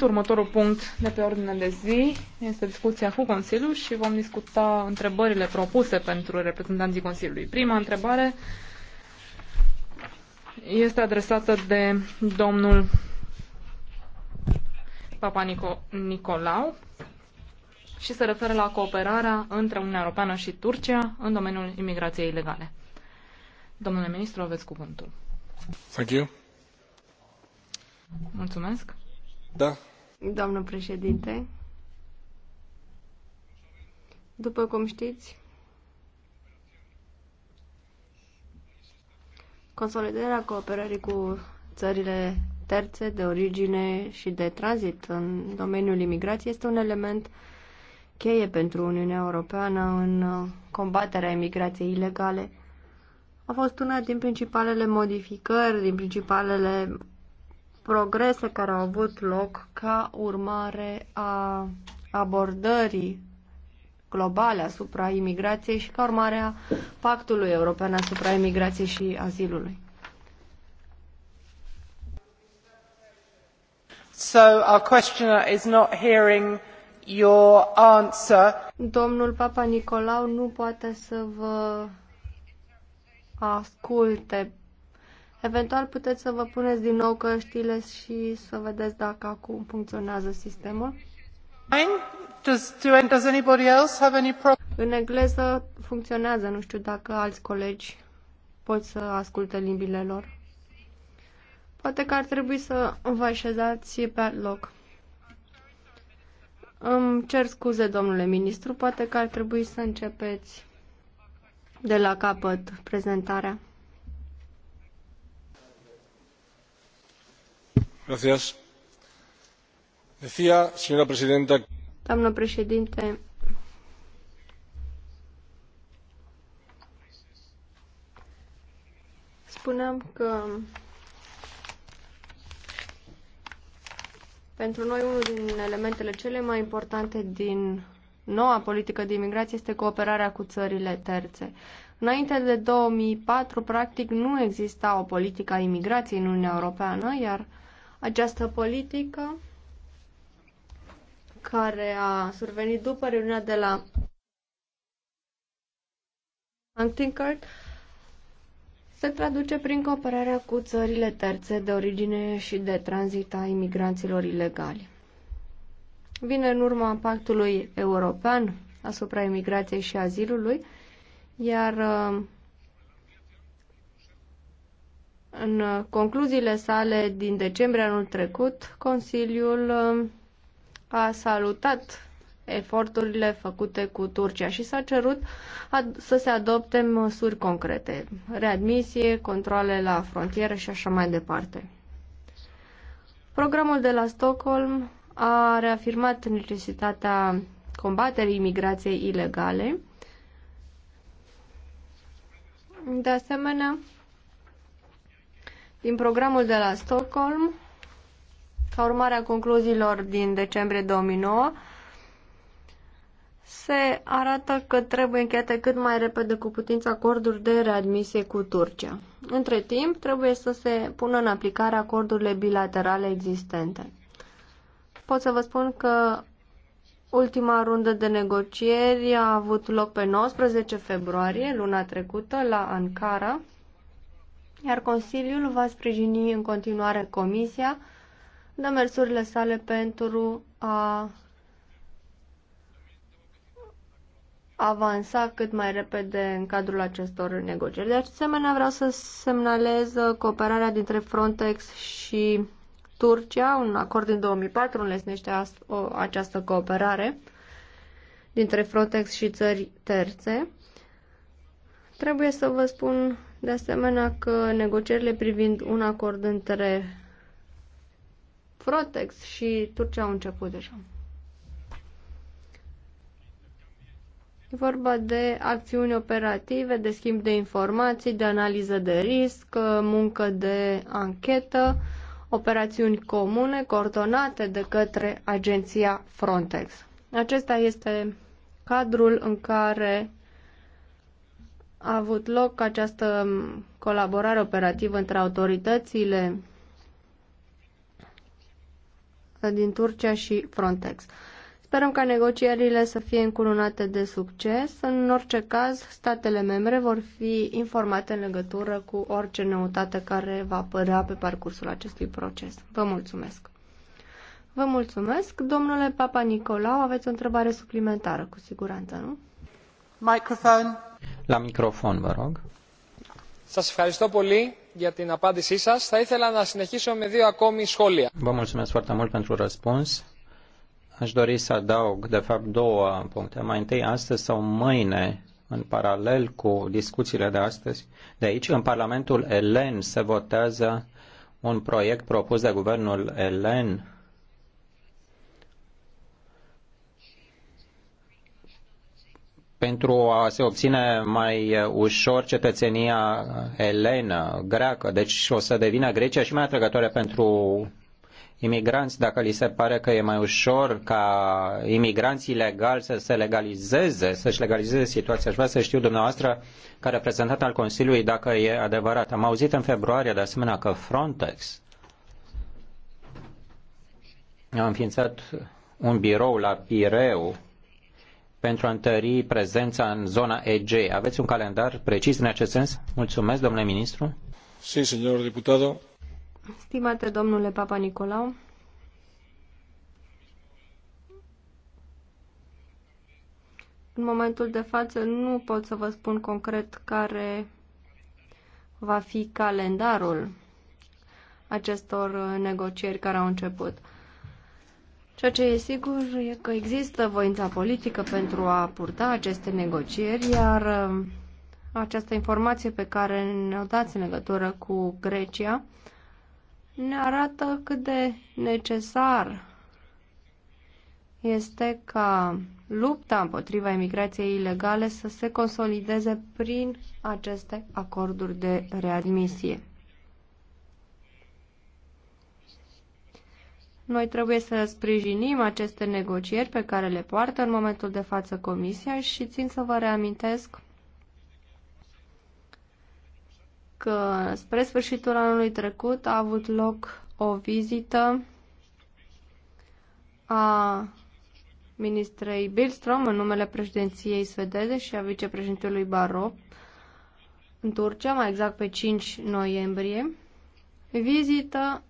Următorul punct de pe ordinea de zi este discuția cu Consiliul și vom discuta întrebările propuse pentru reprezentanții Consiliului. Prima întrebare este adresată de domnul Papa Nicolau și se referă la cooperarea între Uniunea Europeană și Turcia în domeniul imigrației ilegale. Domnule ministru, aveți cuvântul. Thank you. Mulțumesc. Da. Doamnă președinte, după cum știți, consolidarea cooperării cu țările terțe de origine și de tranzit în domeniul imigrației este un element cheie pentru Uniunea Europeană în combaterea imigrației ilegale a fost una din principalele modificări, din principalele progrese care au avut loc ca urmare a abordării globale asupra imigrației și ca urmare a Pactului European asupra imigrației și azilului. So our questioner is not hearing your answer. Domnul Papa Nicolau nu poate să vă asculte. Eventual puteți să vă puneți din nou căștile și să vedeți dacă acum funcționează sistemul. Does, does anybody else have any În engleză funcționează, nu știu dacă alți colegi pot să asculte limbile lor. Poate că ar trebui să vă așezați pe loc. Îmi cer scuze, domnule ministru, poate că ar trebui să începeți de la capăt prezentarea. Gracias. Decía, señora presidenta. Doamnă președinte, spuneam că pentru noi unul din elementele cele mai importante din noua politică de imigrație este cooperarea cu țările terțe. Înainte de 2004, practic, nu exista o politică a imigrației în Uniunea Europeană, iar această politică care a survenit după reuniunea de la Antinkert se traduce prin cooperarea cu țările terțe de origine și de tranzit a imigranților ilegali vine în urma pactului european asupra imigrației și azilului, iar uh, în concluziile sale din decembrie anul trecut, Consiliul uh, a salutat eforturile făcute cu Turcia și s-a cerut să se adopte măsuri concrete, readmisie, controle la frontieră și așa mai departe. Programul de la Stockholm a reafirmat necesitatea combaterii imigrației ilegale. De asemenea, din programul de la Stockholm, ca urmare a concluziilor din decembrie 2009, se arată că trebuie încheiate cât mai repede cu putință acorduri de readmisie cu Turcia. Între timp, trebuie să se pună în aplicare acordurile bilaterale existente pot să vă spun că ultima rundă de negocieri a avut loc pe 19 februarie, luna trecută, la Ankara, iar Consiliul va sprijini în continuare Comisia demersurile sale pentru a avansa cât mai repede în cadrul acestor negocieri. De asemenea, vreau să semnalez cooperarea dintre Frontex și Turcia, un acord din 2004 înlesnește o, această cooperare dintre Frontex și țări terțe. Trebuie să vă spun de asemenea că negocierile privind un acord între Frontex și Turcia au început deja. E vorba de acțiuni operative, de schimb de informații, de analiză de risc, muncă de anchetă, operațiuni comune coordonate de către agenția Frontex. Acesta este cadrul în care a avut loc această colaborare operativă între autoritățile din Turcia și Frontex. Sperăm ca negocierile să fie încununate de succes. În orice caz, statele membre vor fi informate în legătură cu orice noutate care va apărea pe parcursul acestui proces. Vă mulțumesc! Vă mulțumesc. Domnule Papa Nicolau, aveți o întrebare suplimentară, cu siguranță, nu? Microfon. La microfon, vă rog. Σας ευχαριστώ πολύ για την απάντησή σας. Θα ήθελα να συνεχίσω με δύο ακόμη σχόλια. Vă mulțumesc foarte mult pentru răspuns. Aș dori să adaug, de fapt, două puncte. Mai întâi, astăzi sau mâine, în paralel cu discuțiile de astăzi, de aici, în Parlamentul Elen, se votează un proiect propus de guvernul Elen pentru a se obține mai ușor cetățenia elenă, greacă. Deci o să devină Grecia și mai atrăgătoare pentru imigranți, dacă li se pare că e mai ușor ca imigranții legali să se legalizeze, să-și legalizeze situația. Aș vrea să știu dumneavoastră, ca reprezentant al Consiliului, dacă e adevărat. Am auzit în februarie, de asemenea, că Frontex a înființat un birou la Pireu pentru a întări prezența în zona EG. Aveți un calendar precis în acest sens? Mulțumesc, domnule ministru. Sí, señor diputado. Stimate domnule Papa Nicolau, în momentul de față nu pot să vă spun concret care va fi calendarul acestor negocieri care au început. Ceea ce e sigur e că există voința politică pentru a purta aceste negocieri, iar um, această informație pe care ne-o dați în legătură cu Grecia ne arată cât de necesar este ca lupta împotriva emigrației ilegale să se consolideze prin aceste acorduri de readmisie. Noi trebuie să sprijinim aceste negocieri pe care le poartă în momentul de față Comisia și țin să vă reamintesc că spre sfârșitul anului trecut a avut loc o vizită a ministrei Billström în numele președinției suedeze și a vicepreședintelui Barro în Turcia, mai exact pe 5 noiembrie. Vizită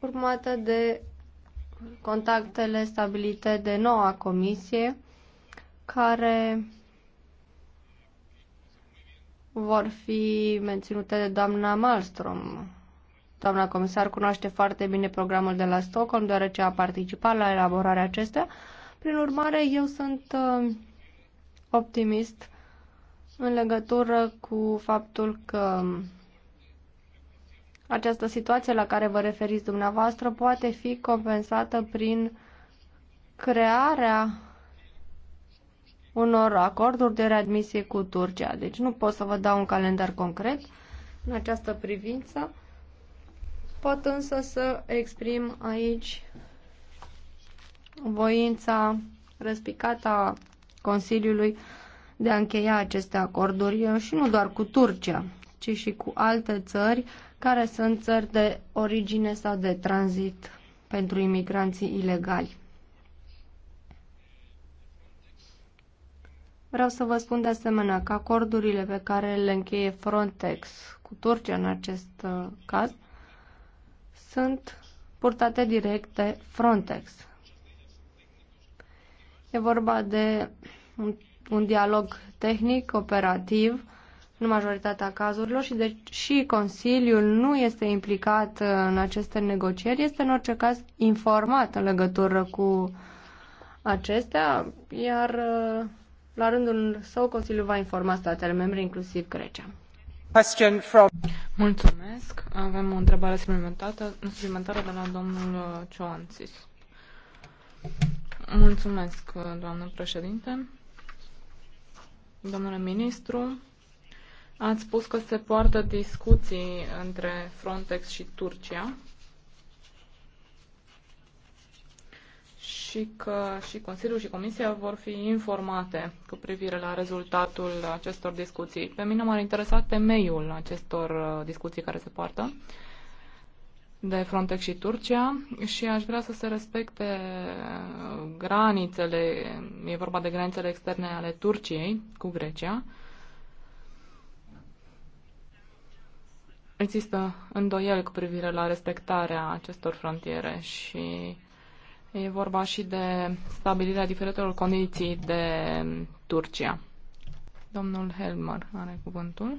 urmată de contactele stabilite de noua comisie care vor fi menținute de doamna Malmström. Doamna comisar cunoaște foarte bine programul de la Stockholm, deoarece a participat la elaborarea acestea. Prin urmare, eu sunt uh, optimist în legătură cu faptul că această situație la care vă referiți dumneavoastră poate fi compensată prin crearea unor acorduri de readmisie cu Turcia. Deci nu pot să vă dau un calendar concret în această privință. Pot însă să exprim aici voința răspicată a Consiliului de a încheia aceste acorduri și nu doar cu Turcia, ci și cu alte țări care sunt țări de origine sau de tranzit pentru imigranții ilegali. Vreau să vă spun de asemenea că acordurile pe care le încheie Frontex cu Turcia în acest uh, caz sunt purtate direct de Frontex. E vorba de un, un dialog tehnic, operativ, în majoritatea cazurilor și deci și Consiliul nu este implicat uh, în aceste negocieri, este în orice caz informat în legătură cu acestea, iar uh, la rândul său, Consiliul va informa statele membre, inclusiv Grecia. Mulțumesc. Avem o întrebare suplimentară, suplimentară de la domnul uh, Cioanțis. Mulțumesc, uh, doamnă președinte. Domnule ministru, ați spus că se poartă discuții între Frontex și Turcia și că și Consiliul și Comisia vor fi informate cu privire la rezultatul acestor discuții. Pe mine m-ar interesa temeiul acestor uh, discuții care se poartă de Frontex și Turcia și aș vrea să se respecte uh, granițele, e vorba de granițele externe ale Turciei cu Grecia. Există îndoiel cu privire la respectarea acestor frontiere și E vorba și de stabilirea diferitelor condiții de Turcia. Domnul Helmer are cuvântul.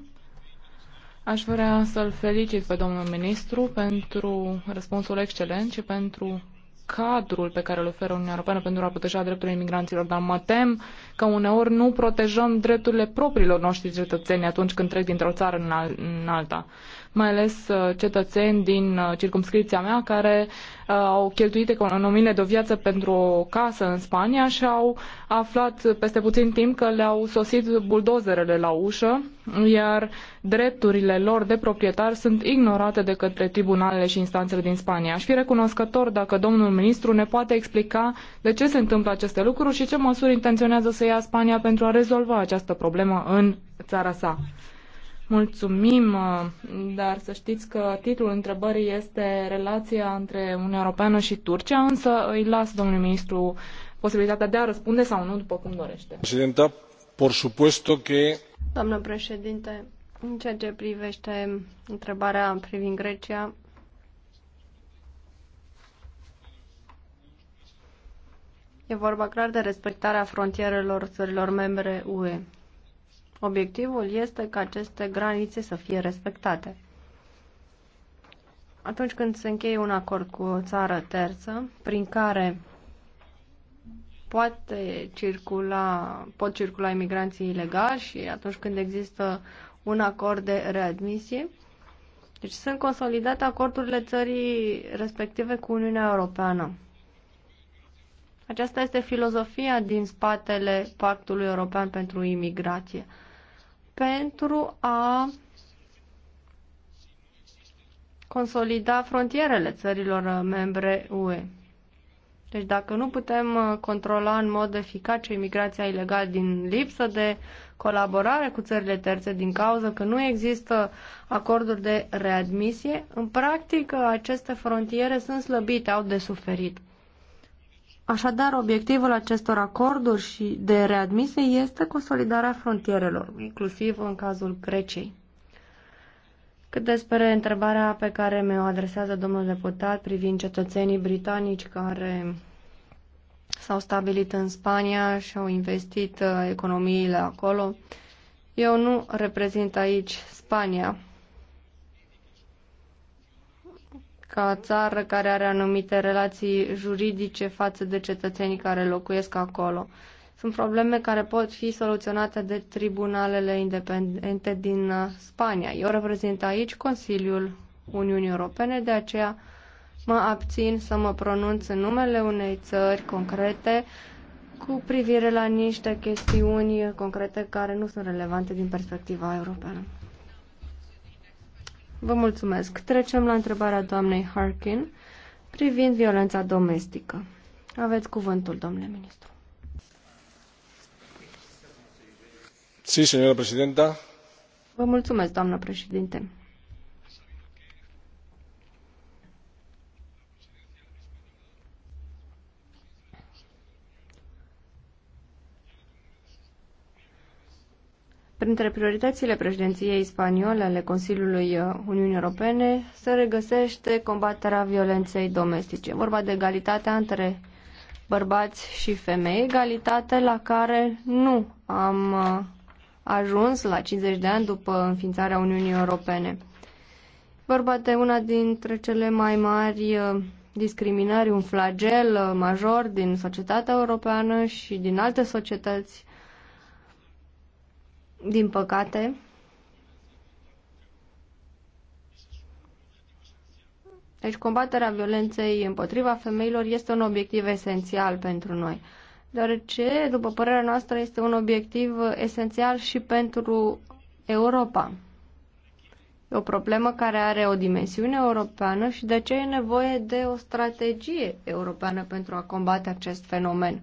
Aș vrea să-l felicit pe domnul ministru pentru răspunsul excelent și pentru cadrul pe care îl oferă Uniunea Europeană pentru a proteja drepturile imigranților, dar mă tem că uneori nu protejăm drepturile propriilor noștri cetățeni atunci când trec dintr-o țară în alta mai ales uh, cetățeni din uh, circumscripția mea care uh, au cheltuit economiile de o viață pentru o casă în Spania și au aflat peste puțin timp că le-au sosit buldozerele la ușă, iar drepturile lor de proprietar sunt ignorate de către tribunalele și instanțele din Spania. Aș fi recunoscător dacă domnul ministru ne poate explica de ce se întâmplă aceste lucruri și ce măsuri intenționează să ia Spania pentru a rezolva această problemă în țara sa. Mulțumim, uh, dar să știți că titlul întrebării este relația între Uniunea Europeană și Turcia, însă îi las, domnul ministru, posibilitatea de a răspunde sau nu, după cum dorește. Președinta, por supuesto que... Doamnă președinte, în ceea ce privește întrebarea privind Grecia, e vorba clar de respectarea frontierelor țărilor membre UE. Obiectivul este ca aceste granițe să fie respectate. Atunci când se încheie un acord cu o țară terță, prin care poate circula, pot circula imigranții ilegali și atunci când există un acord de readmisie, deci sunt consolidate acordurile țării respective cu Uniunea Europeană. Aceasta este filozofia din spatele Pactului European pentru Imigrație pentru a consolida frontierele țărilor membre UE. Deci dacă nu putem uh, controla în mod eficace imigrația ilegală din lipsă de colaborare cu țările terțe din cauza că nu există acorduri de readmisie, în practică aceste frontiere sunt slăbite, au de suferit. Așadar, obiectivul acestor acorduri și de readmise este consolidarea frontierelor, inclusiv în cazul Greciei. Cât despre întrebarea pe care mi-o adresează domnul deputat privind cetățenii britanici care s-au stabilit în Spania și au investit uh, economiile acolo, eu nu reprezint aici Spania, ca țară care are anumite relații juridice față de cetățenii care locuiesc acolo. Sunt probleme care pot fi soluționate de tribunalele independente din uh, Spania. Eu reprezint aici Consiliul Uniunii Europene, de aceea mă abțin să mă pronunț în numele unei țări concrete cu privire la niște chestiuni concrete care nu sunt relevante din perspectiva europeană. Vă mulțumesc. Trecem la întrebarea doamnei Harkin privind violența domestică. Aveți cuvântul, domnule ministru. Sí, señora presidenta. Vă mulțumesc, doamnă președinte. Printre prioritățile președinției spaniole ale Consiliului uh, Uniunii Europene se regăsește combaterea violenței domestice. E vorba de egalitatea între bărbați și femei, egalitate la care nu am uh, ajuns la 50 de ani după înființarea Uniunii Europene. Vorba de una dintre cele mai mari uh, discriminări, un flagel major din societatea europeană și din alte societăți din păcate, Deci combaterea violenței împotriva femeilor este un obiectiv esențial pentru noi, deoarece, după părerea noastră, este un obiectiv esențial și pentru Europa. E o problemă care are o dimensiune europeană și de ce e nevoie de o strategie europeană pentru a combate acest fenomen.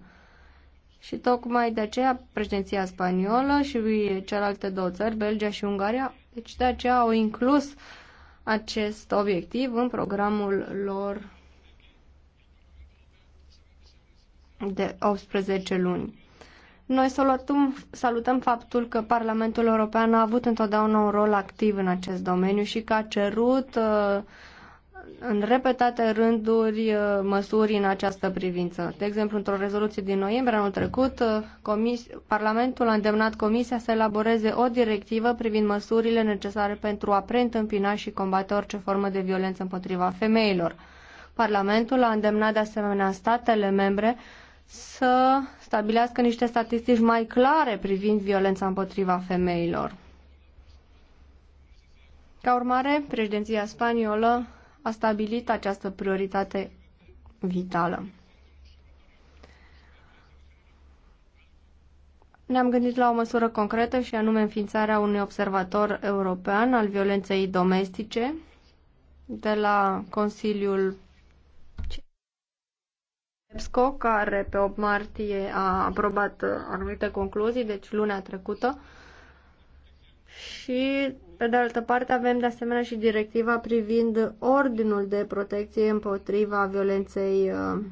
Și tocmai de aceea președinția spaniolă și celelalte două țări, Belgia și Ungaria, deci de aceea au inclus acest obiectiv în programul lor de 18 luni. Noi salutăm, salutăm faptul că Parlamentul European a avut întotdeauna un rol activ în acest domeniu și că a cerut uh, în repetate rânduri uh, măsuri în această privință. De exemplu, într-o rezoluție din noiembrie anul trecut, uh, comis, Parlamentul a îndemnat Comisia să elaboreze o directivă privind măsurile necesare pentru a preîntâmpina și combate orice formă de violență împotriva femeilor. Parlamentul a îndemnat de asemenea statele membre să stabilească niște statistici mai clare privind violența împotriva femeilor. Ca urmare, președinția spaniolă a stabilit această prioritate vitală. Ne-am gândit la o măsură concretă și anume înființarea unui observator european al violenței domestice de la Consiliul EPSCO, care pe 8 martie a aprobat anumite concluzii, deci luna trecută, și pe de altă parte, avem de asemenea și directiva privind ordinul de protecție împotriva violenței uh,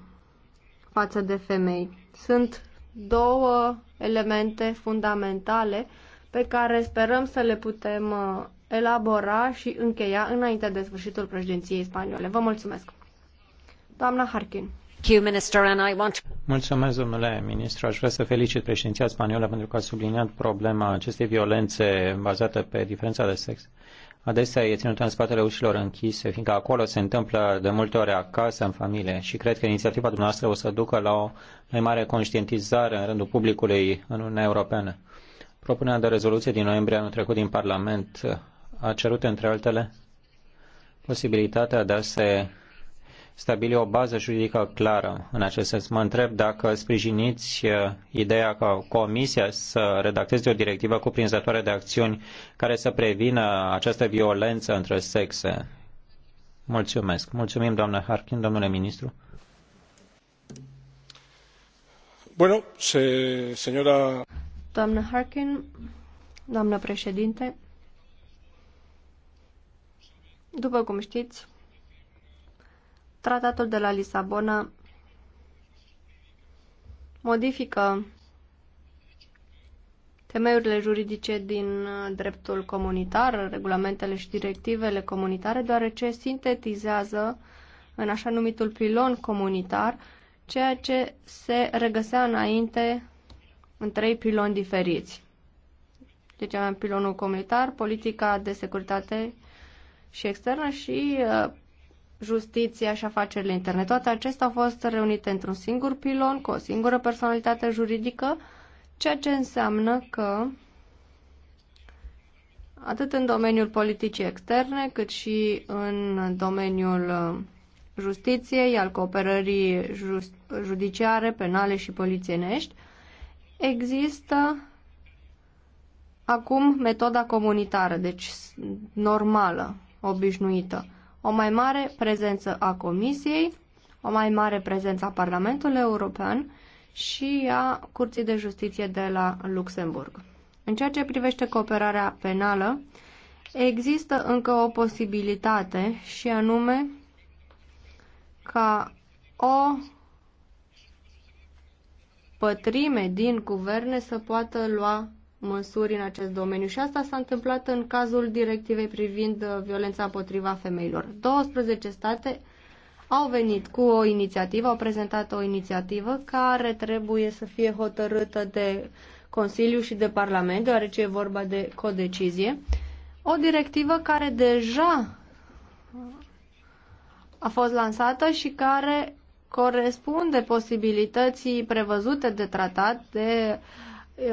față de femei. Sunt două elemente fundamentale pe care sperăm să le putem uh, elabora și încheia înainte de sfârșitul președinției spaniole. Vă mulțumesc! Doamna Harkin. Mulțumesc, domnule ministru. Aș vrea să felicit președinția spaniolă pentru că a subliniat problema acestei violențe bazate pe diferența de sex. Adesea e ținută în spatele ușilor închise, fiindcă acolo se întâmplă de multe ori acasă, în familie. Și cred că inițiativa dumneavoastră o să ducă la o mai mare conștientizare în rândul publicului în Uniunea Europeană. Propunerea de rezoluție din noiembrie anul trecut din Parlament a cerut, între altele, posibilitatea de a se stabili o bază juridică clară în acest sens. Mă întreb dacă sprijiniți uh, ideea ca Comisia să redacteze o directivă cuprinzătoare de acțiuni care să prevină această violență între sexe. Mulțumesc. Mulțumim, doamnă Harkin, domnule ministru. Bueno, se, señora... Doamnă Harkin, doamnă președinte, după cum știți, Tratatul de la Lisabona modifică temeiurile juridice din uh, dreptul comunitar, regulamentele și directivele comunitare, deoarece sintetizează în așa numitul pilon comunitar ceea ce se regăsea înainte în trei piloni diferiți. Deci avem pilonul comunitar, politica de securitate și externă și uh, justiția și afacerile interne. Toate acestea au fost reunite într-un singur pilon, cu o singură personalitate juridică, ceea ce înseamnă că atât în domeniul politicii externe, cât și în domeniul uh, justiției, al cooperării just, judiciare, penale și polițienești, există acum metoda comunitară, deci normală, obișnuită o mai mare prezență a Comisiei, o mai mare prezență a Parlamentului European și a Curții de Justiție de la Luxemburg. În ceea ce privește cooperarea penală, există încă o posibilitate și anume ca o pătrime din guverne să poată lua măsuri în acest domeniu și asta s-a întâmplat în cazul directivei privind uh, violența împotriva femeilor. 12 state au venit cu o inițiativă, au prezentat o inițiativă care trebuie să fie hotărâtă de Consiliu și de Parlament, deoarece e vorba de codecizie. O directivă care deja a fost lansată și care corespunde posibilității prevăzute de tratat de uh,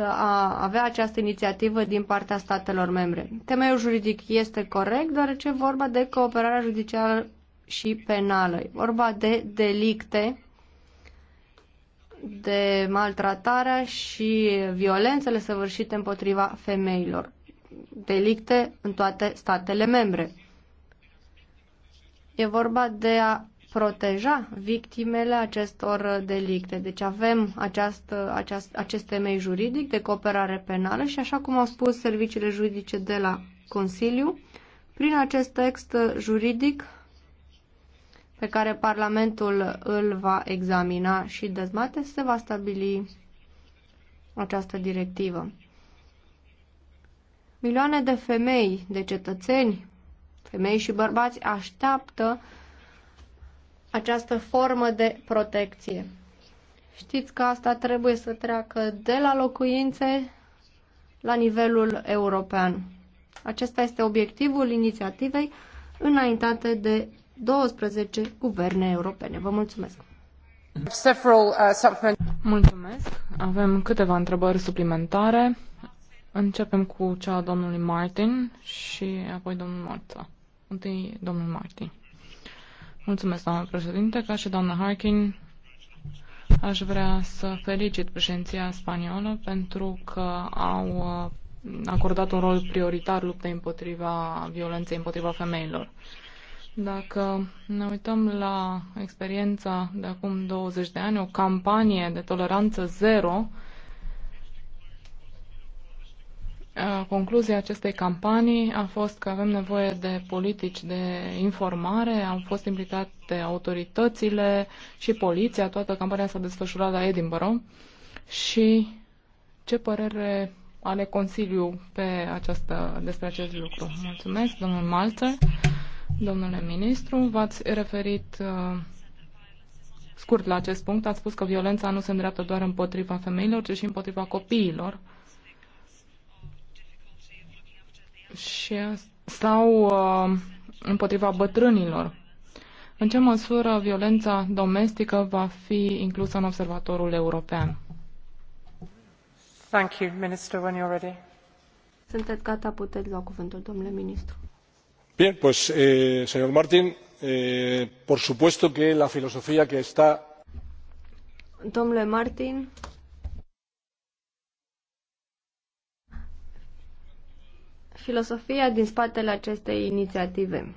a avea această inițiativă din partea statelor membre. Temeiul juridic este corect, deoarece vorba de cooperarea judiciară și penală. E vorba de delicte, de maltratarea și violențele săvârșite împotriva femeilor. Delicte în toate statele membre. E vorba de a proteja victimele acestor delicte. Deci avem această, aceast, acest temei juridic de cooperare penală și așa cum au spus serviciile juridice de la Consiliu, prin acest text juridic pe care Parlamentul îl va examina și dezbate, se va stabili această directivă. Milioane de femei, de cetățeni, femei și bărbați așteaptă această formă de protecție. Știți că asta trebuie să treacă de la locuințe la nivelul european. Acesta este obiectivul inițiativei înaintate de 12 guverne europene. Vă mulțumesc! Uh, mulțumesc! Avem câteva întrebări suplimentare. Începem cu cea a domnului Martin și apoi domnul Marta. Întâi domnul Martin. Mulțumesc, doamnă președinte. Ca și doamna Harkin, aș vrea să felicit președinția spaniolă pentru că au uh, acordat un rol prioritar luptei împotriva violenței împotriva femeilor. Dacă ne uităm la experiența de acum 20 de ani, o campanie de toleranță zero Concluzia acestei campanii a fost că avem nevoie de politici de informare, au fost implicate autoritățile și poliția, toată campania s-a desfășurat la Edinburgh și ce părere ale Consiliu pe această, despre acest lucru. Mulțumesc, domnul Malter, domnule ministru, v-ați referit uh, scurt la acest punct, ați spus că violența nu se îndreaptă doar împotriva femeilor, ci și împotriva copiilor și, sau uh, împotriva bătrânilor. În ce măsură violența domestică va fi inclusă în observatorul european? Thank you, Minister, when you're ready. Sunteți gata, puteți lua cuvântul, domnule ministru. Bien, pues, eh, señor Martin, eh, por supuesto que la filosofía que está. Domnule Martin, filosofia din spatele acestei inițiative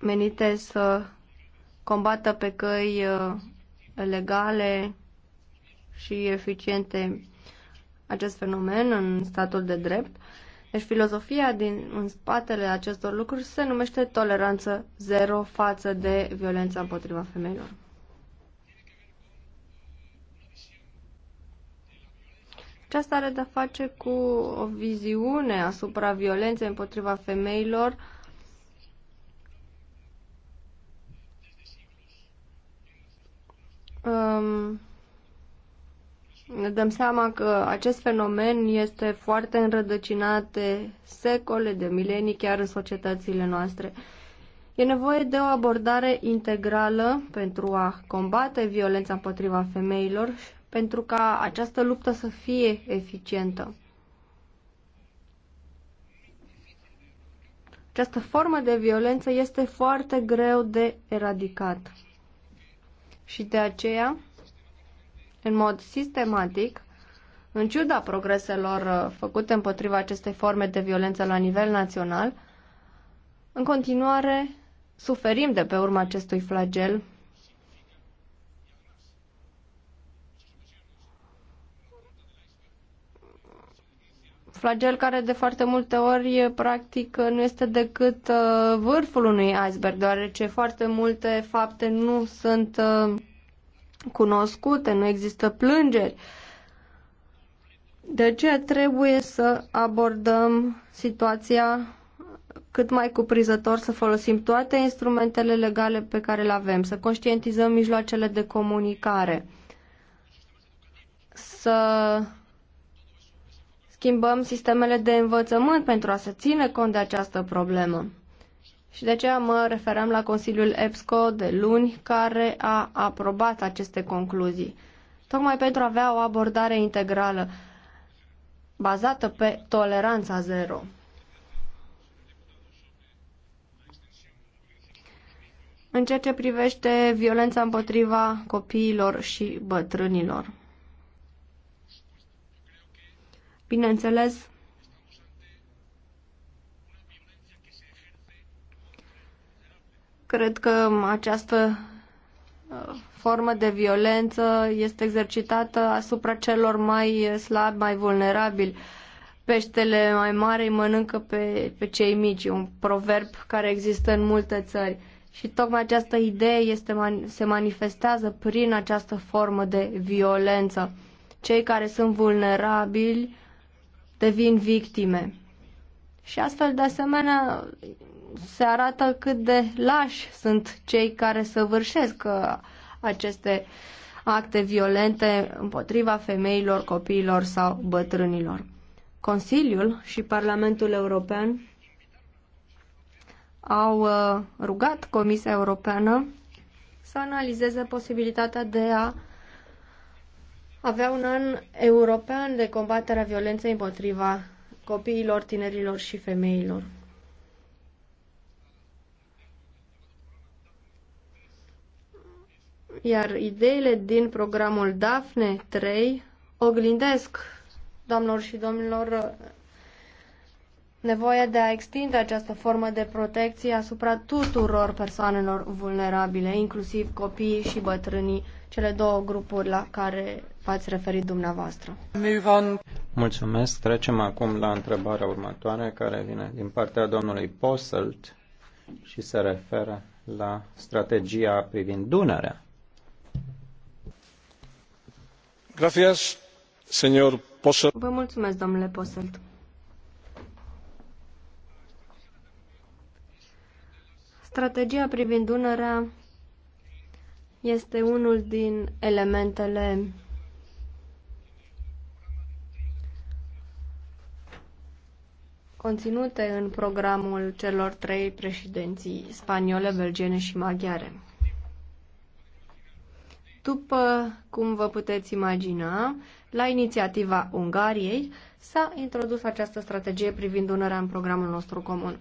menite să combată pe căi uh, legale și eficiente acest fenomen în statul de drept. Deci filozofia din în spatele acestor lucruri se numește toleranță zero față de violența împotriva femeilor. Aceasta are de-a face cu o viziune asupra violenței împotriva femeilor um, ne dăm seama că acest fenomen este foarte înrădăcinat de secole, de milenii, chiar în societățile noastre. E nevoie de o abordare integrală pentru a combate violența împotriva femeilor pentru ca această luptă să fie eficientă. Această formă de violență este foarte greu de eradicat. Și de aceea, în mod sistematic, în ciuda progreselor uh, făcute împotriva acestei forme de violență la nivel național, în continuare suferim de pe urma acestui flagel flagel care de foarte multe ori practic nu este decât uh, vârful unui iceberg, deoarece foarte multe fapte nu sunt uh, cunoscute, nu există plângeri. De aceea trebuie să abordăm situația cât mai cuprizător, să folosim toate instrumentele legale pe care le avem, să conștientizăm mijloacele de comunicare, să schimbăm sistemele de învățământ pentru a se ține cont de această problemă. Și de aceea mă referam la Consiliul EPSCO de luni, care a aprobat aceste concluzii, tocmai pentru a avea o abordare integrală bazată pe toleranța zero. În ceea ce privește violența împotriva copiilor și bătrânilor. Bineînțeles, cred că această uh, formă de violență este exercitată asupra celor mai slabi, mai vulnerabili. Peștele mai mare îi mănâncă pe, pe cei mici, un proverb care există în multe țări. Și tocmai această idee este, se manifestează prin această formă de violență. Cei care sunt vulnerabili devin victime. Și astfel, de asemenea, se arată cât de lași sunt cei care săvârșesc uh, aceste acte violente împotriva femeilor, copiilor sau bătrânilor. Consiliul și Parlamentul European au uh, rugat Comisia Europeană să analizeze posibilitatea de a avea un an european de combatere a violenței împotriva copiilor, tinerilor și femeilor. Iar ideile din programul DAFNE 3 oglindesc, doamnelor și domnilor, nevoia de a extinde această formă de protecție asupra tuturor persoanelor vulnerabile, inclusiv copiii și bătrânii, cele două grupuri la care v-ați referit dumneavoastră. Mulțumesc. Trecem acum la întrebarea următoare care vine din partea domnului Posselt și se referă la strategia privind Dunărea. Gracias, señor Posselt. Vă mulțumesc, domnule Posselt. Strategia privind Dunărea este unul din elementele conținute în programul celor trei președinții spaniole, belgene și maghiare. După cum vă puteți imagina, la inițiativa Ungariei s-a introdus această strategie privind Dunărea în programul nostru comun.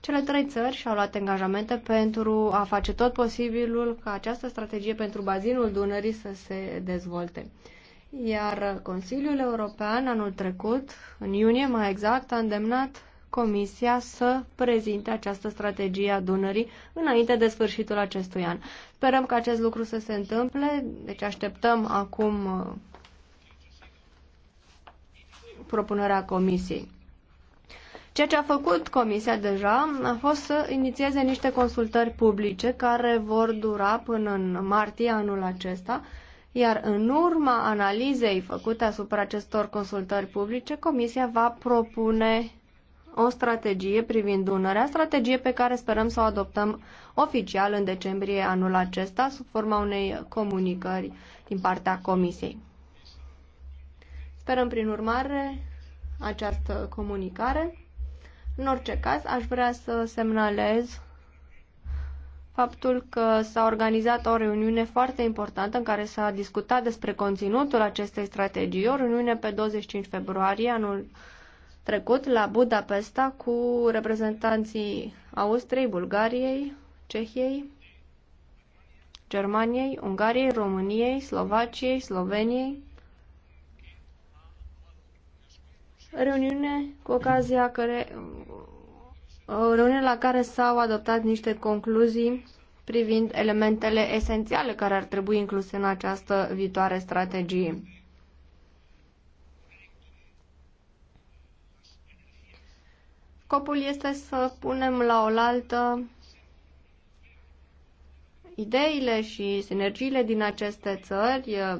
Cele trei țări și-au luat angajamente pentru a face tot posibilul ca această strategie pentru bazinul Dunării să se dezvolte iar Consiliul European anul trecut, în iunie mai exact, a îndemnat Comisia să prezinte această strategie a Dunării înainte de sfârșitul acestui an. Sperăm că acest lucru să se întâmple, deci așteptăm acum uh, propunerea Comisiei. Ceea ce a făcut Comisia deja a fost să inițieze niște consultări publice care vor dura până în martie anul acesta iar în urma analizei făcute asupra acestor consultări publice, Comisia va propune o strategie privind Dunărea, strategie pe care sperăm să o adoptăm oficial în decembrie anul acesta, sub forma unei comunicări din partea Comisiei. Sperăm, prin urmare, această comunicare. În orice caz, aș vrea să semnalez faptul că s-a organizat o reuniune foarte importantă în care s-a discutat despre conținutul acestei strategii, o reuniune pe 25 februarie anul trecut la Budapesta cu reprezentanții Austriei, Bulgariei, Cehiei, Germaniei, Ungariei, României, Slovaciei, Sloveniei. Reuniune cu ocazia care, o reuniune la care s-au adoptat niște concluzii privind elementele esențiale care ar trebui incluse în această viitoare strategie. Scopul este să punem la oaltă ideile și sinergiile din aceste țări, eh,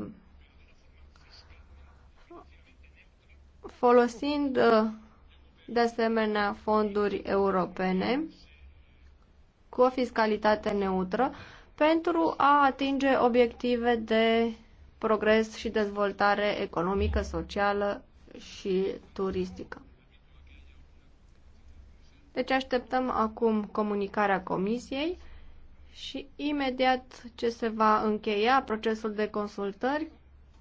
folosind eh, de asemenea fonduri europene cu o fiscalitate neutră pentru a atinge obiective de progres și dezvoltare economică, socială și turistică. Deci așteptăm acum comunicarea Comisiei și imediat ce se va încheia procesul de consultări,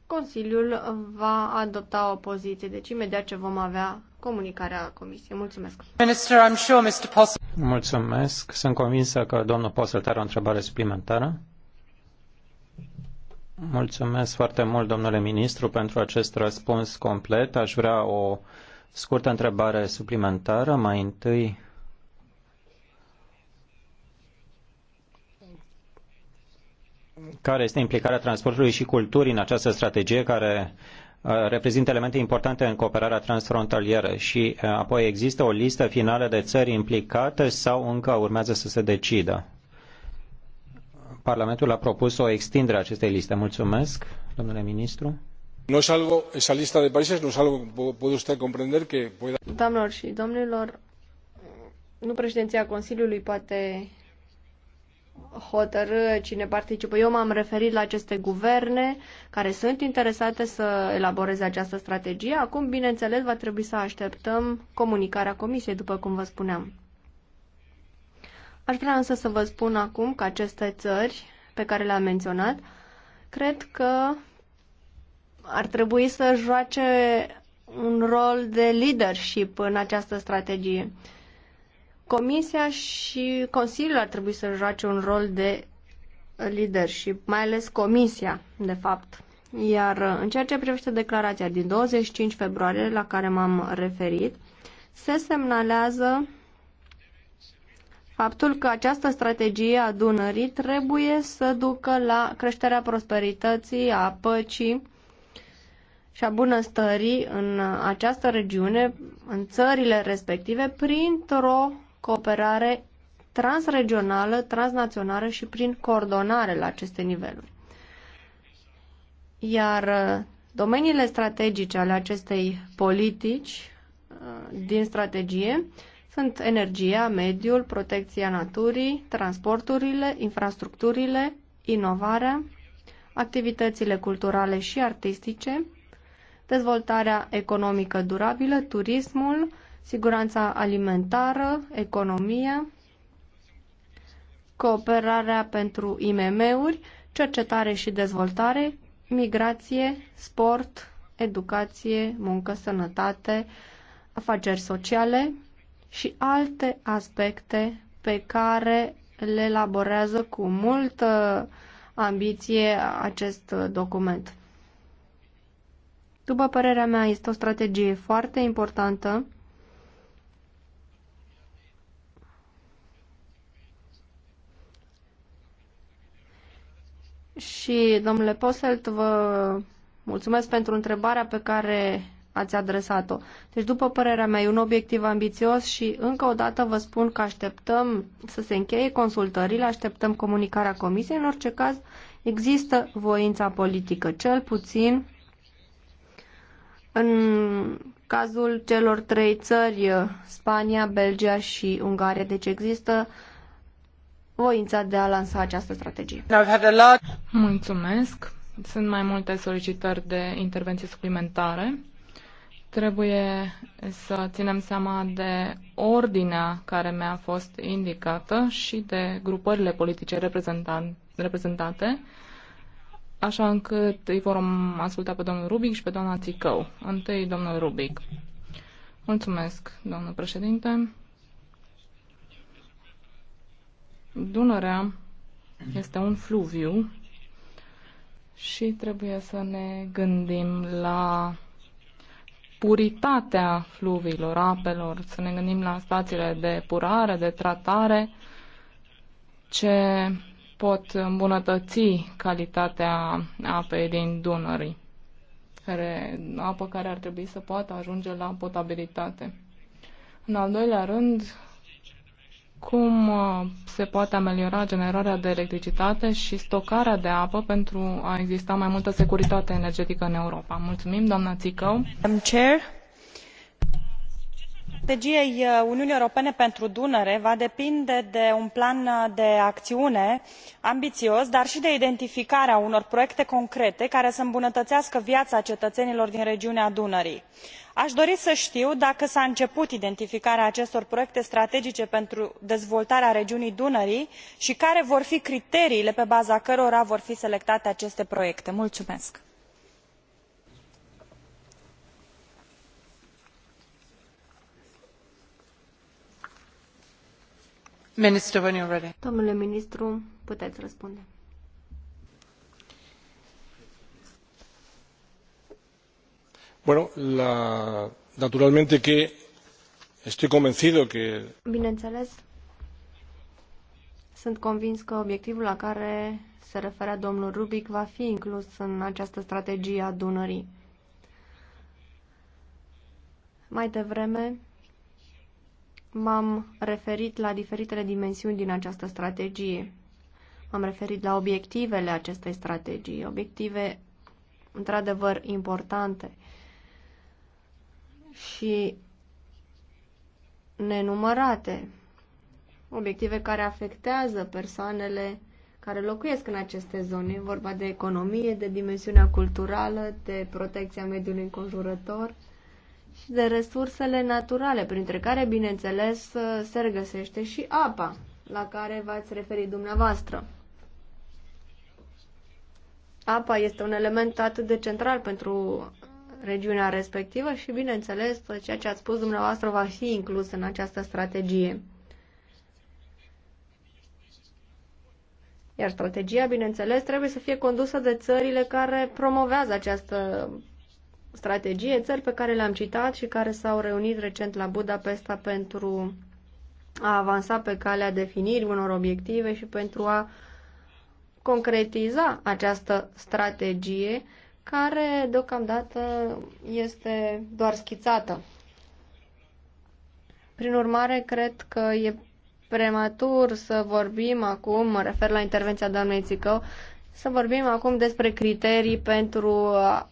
Consiliul va adopta o poziție. Deci imediat ce vom avea comunicarea Comisiei. Mulțumesc. Minister, I'm sure Mr. Mulțumesc. Sunt convinsă că domnul Posselt are o întrebare suplimentară. Mulțumesc foarte mult, domnule ministru, pentru acest răspuns complet. Aș vrea o scurtă întrebare suplimentară. Mai întâi, care este implicarea transportului și culturii în această strategie care Uh, reprezintă elemente importante în cooperarea transfrontalieră și uh, apoi există o listă finală de țări implicate sau încă urmează să se decidă? Parlamentul a propus o extindere a acestei liste. Mulțumesc, domnule ministru. No es algo, esa lista de países no es algo que puede usted comprender que pueda... Doamnelor și domnilor, nu președinția Consiliului poate hotărâ cine participă. Eu m-am referit la aceste guverne care sunt interesate să elaboreze această strategie. Acum, bineînțeles, va trebui să așteptăm comunicarea Comisiei, după cum vă spuneam. Aș vrea însă să vă spun acum că aceste țări pe care le-am menționat, cred că ar trebui să joace un rol de leadership în această strategie. Comisia și Consiliul ar trebui să joace un rol de lider și mai ales Comisia, de fapt. Iar uh, în ceea ce privește declarația din 25 februarie la care m-am referit, se semnalează faptul că această strategie a Dunării trebuie să ducă la creșterea prosperității, a păcii și a bunăstării în această regiune, în țările respective, printr-o cooperare transregională, transnațională și prin coordonare la aceste niveluri. Iar uh, domeniile strategice ale acestei politici uh, din strategie sunt energia, mediul, protecția naturii, transporturile, infrastructurile, inovarea, activitățile culturale și artistice, dezvoltarea economică durabilă, turismul, siguranța alimentară, economia, cooperarea pentru IMM-uri, cercetare și dezvoltare, migrație, sport, educație, muncă, sănătate, afaceri sociale și alte aspecte pe care le elaborează cu multă ambiție acest document. După părerea mea, este o strategie foarte importantă Și, domnule Poselt, vă mulțumesc pentru întrebarea pe care ați adresat-o. Deci, după părerea mea, e un obiectiv ambițios și încă o dată vă spun că așteptăm să se încheie consultările, așteptăm comunicarea comisiei. În orice caz, există voința politică, cel puțin în cazul celor trei țări, Spania, Belgia și Ungaria. Deci există uh, voința de a lansa această strategie. Mulțumesc. Sunt mai multe solicitări de intervenție suplimentare. Trebuie să ținem seama de ordinea care mi-a fost indicată și de grupările politice reprezentate, așa încât îi vom asculta pe domnul Rubic și pe doamna Țicău. Întâi domnul Rubic. Mulțumesc, domnul președinte. Dunărea este un fluviu și trebuie să ne gândim la puritatea fluviilor, apelor, să ne gândim la stațiile de purare, de tratare, ce pot îmbunătăți calitatea apei din Dunări, care, apă care ar trebui să poată ajunge la potabilitate. În al doilea rând, cum uh, se poate ameliora generarea de electricitate și stocarea de apă pentru a exista mai multă securitate energetică în Europa. Mulțumim, doamna Țicău. Strategiei uh, Uniunii Europene pentru Dunăre va depinde de un plan uh, de acțiune ambițios, dar și de identificarea unor proiecte concrete care să îmbunătățească viața cetățenilor din regiunea Dunării a dori să tiu dacă s a început identificarea acestor proiecte strategice pentru dezvoltarea regiunii dunării i care vor fi criteriile pe baza cărora vor fi selectate aceste proiecte. Domnule ministru, puteți răspunde. Bueno, naturalmente que estoy convencido que... Bineînțeles, sunt convins că obiectivul la care se referea domnul Rubic va fi inclus în această strategie a Dunării. Mai devreme m-am referit la diferitele dimensiuni din această strategie. M-am referit la obiectivele acestei strategii, obiective într-adevăr importante și nenumărate, obiective care afectează persoanele care locuiesc în aceste zone. E vorba de economie, de dimensiunea culturală, de protecția mediului înconjurător și de resursele naturale, printre care, bineînțeles, se regăsește și apa, la care v-ați referit dumneavoastră. Apa este un element atât de central pentru regiunea respectivă și, bineînțeles, ceea ce ați spus dumneavoastră va fi inclus în această strategie. Iar strategia, bineînțeles, trebuie să fie condusă de țările care promovează această strategie, țări pe care le-am citat și care s-au reunit recent la Budapesta pentru a avansa pe calea definirii unor obiective și pentru a concretiza această strategie care deocamdată este doar schițată. Prin urmare, cred că e prematur să vorbim acum, mă refer la intervenția doamnei Țicău, să vorbim acum despre criterii pentru a,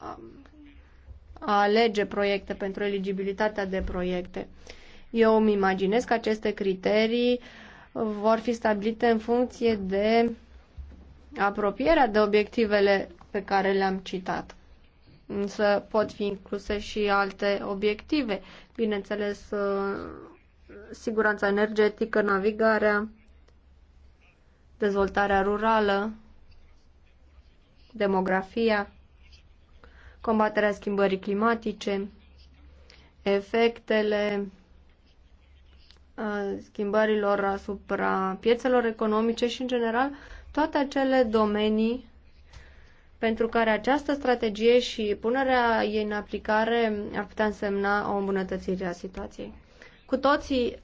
a alege proiecte, pentru eligibilitatea de proiecte. Eu îmi imaginez că aceste criterii vor fi stabilite în funcție de apropierea de obiectivele pe care le-am citat. Însă pot fi incluse și alte obiective, bineînțeles uh, siguranța energetică, navigarea, dezvoltarea rurală, demografia, combaterea schimbării climatice, efectele uh, schimbărilor asupra piețelor economice și, în general, toate acele domenii pentru care această strategie și punerea ei în aplicare ar putea însemna o îmbunătățire a situației. Cu toții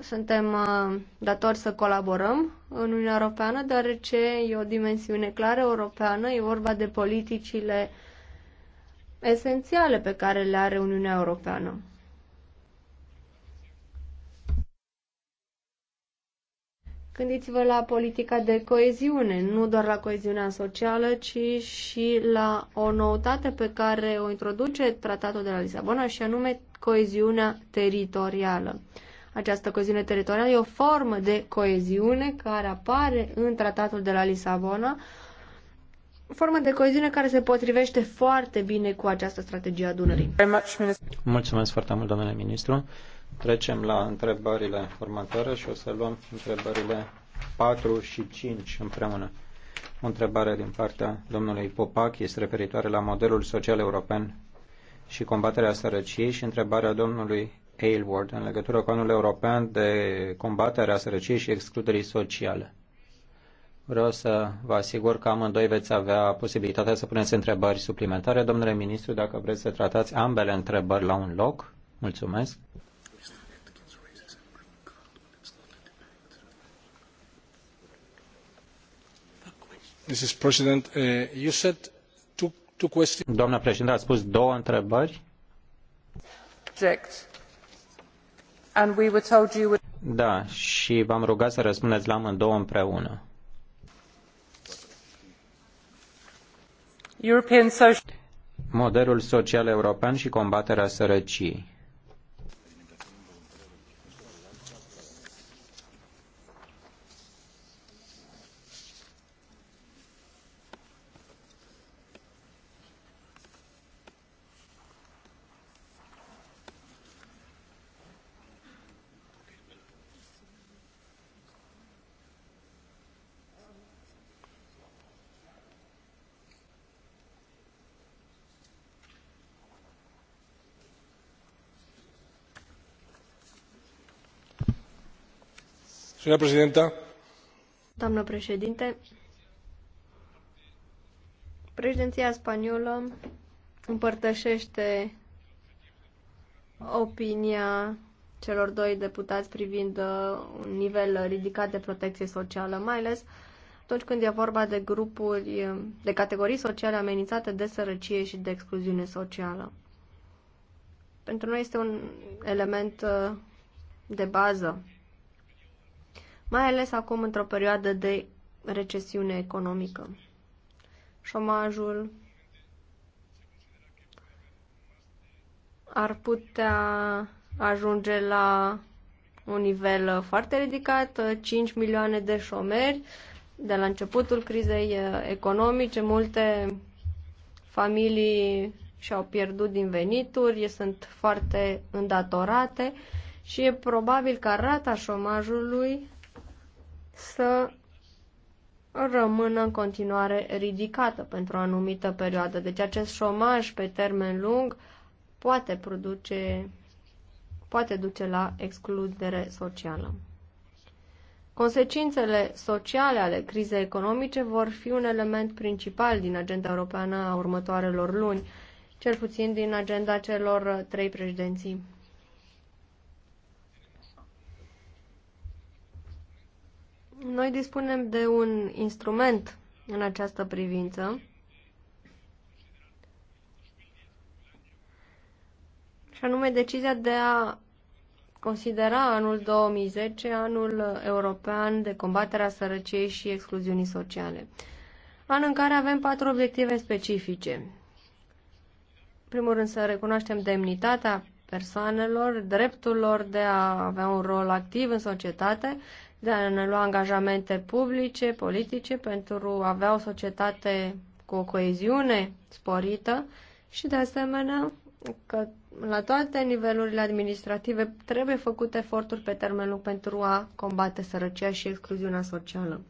suntem uh, datori să colaborăm în Uniunea Europeană, deoarece e o dimensiune clară europeană, e vorba de politicile esențiale pe care le are Uniunea Europeană. Gândiți-vă la politica de coeziune, nu doar la coeziunea socială, ci și la o noutate pe care o introduce tratatul de la Lisabona și anume coeziunea teritorială. Această coeziune teritorială e o formă de coeziune care apare în tratatul de la Lisabona, formă de coeziune care se potrivește foarte bine cu această strategie a Dunării. Mulțumesc foarte mult, domnule ministru. Trecem la întrebările următoare și o să luăm întrebările 4 și 5 împreună. O întrebare din partea domnului Popac este referitoare la modelul social european și combaterea sărăciei și întrebarea domnului Aylward în legătură cu anul european de combatere a sărăciei și excluderii sociale. Vreau să vă asigur că amândoi veți avea posibilitatea să puneți întrebări suplimentare. Domnule ministru, dacă vreți să tratați ambele întrebări la un loc, mulțumesc. Uh, doamnă președinte ați spus două întrebări? da și v am rugat să răspundeți la amândouă împreună. modelul social european și combaterea sărăciei Doamnă președinte, președinția spaniolă împărtășește opinia celor doi deputați privind uh, un nivel ridicat de protecție socială, mai ales atunci când e vorba de grupuri, uh, de categorii sociale amenințate de sărăcie și de excluziune socială. Pentru noi este un element uh, de bază mai ales acum într-o perioadă de recesiune economică. Șomajul ar putea ajunge la un nivel foarte ridicat, 5 milioane de șomeri. De la începutul crizei economice, multe familii și-au pierdut din venituri, sunt foarte îndatorate și e probabil ca rata șomajului să rămână în continuare ridicată pentru o anumită perioadă. Deci acest șomaj pe termen lung poate produce poate duce la excludere socială. Consecințele sociale ale crizei economice vor fi un element principal din agenda europeană a următoarelor luni, cel puțin din agenda celor trei președinții. Noi dispunem de un instrument în această privință. Și anume decizia de a considera anul 2010 anul european de combatere a sărăciei și excluziunii sociale. An în care avem patru obiective specifice. În primul rând să recunoaștem demnitatea persoanelor, dreptul lor de a avea un rol activ în societate, de a ne lua angajamente publice, politice, pentru a avea o societate cu o coeziune sporită și, de asemenea, că la toate nivelurile administrative trebuie făcute eforturi pe termen lung pentru a combate sărăcia și excluziunea socială.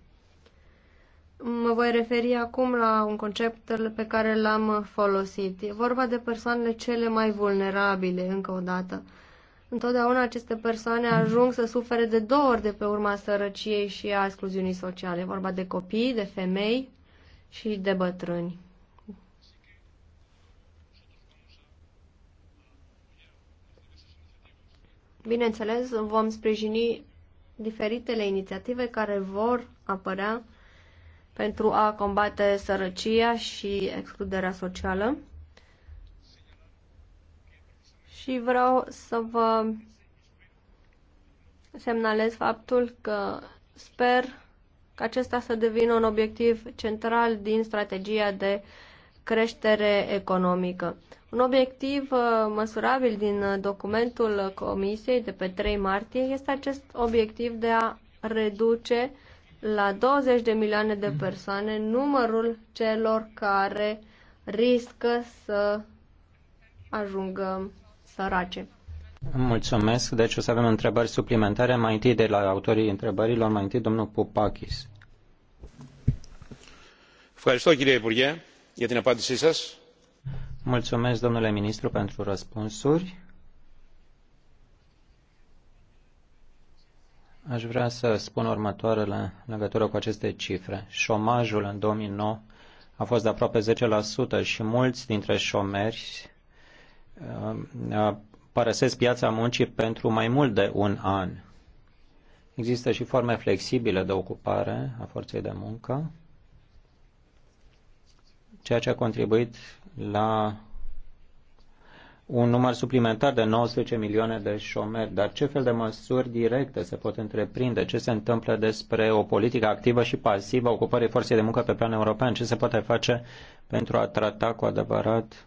Mă voi referi acum la un concept pe care l-am folosit. E vorba de persoanele cele mai vulnerabile, încă o dată. Întotdeauna aceste persoane ajung să sufere de două ori de pe urma sărăciei și a excluziunii sociale. E vorba de copii, de femei și de bătrâni. Bineînțeles, vom sprijini diferitele inițiative care vor apărea pentru a combate sărăcia și excluderea socială și vreau să vă semnalez faptul că sper că acesta să devină un obiectiv central din strategia de creștere economică. Un obiectiv uh, măsurabil din uh, documentul Comisiei de pe 3 martie este acest obiectiv de a reduce la 20 de milioane de persoane numărul celor care riscă să ajungă sărace. Mulțumesc. Deci o să avem întrebări suplimentare, mai întâi de la autorii întrebărilor, mai întâi domnul Popakis. Mulțumesc, domnule ministru, pentru răspunsuri. Aș vrea să spun următoarele în legătură cu aceste cifre. Șomajul în 2009 a fost de aproape 10% și mulți dintre șomeri Um, uh, părăsesc piața muncii pentru mai mult de un an. Există și forme flexibile de ocupare a forței de muncă, ceea ce a contribuit la un număr suplimentar de 19 milioane de șomeri. Dar ce fel de măsuri directe se pot întreprinde? Ce se întâmplă despre o politică activă și pasivă a ocupării forței de muncă pe plan european? Ce se poate face pentru a trata cu adevărat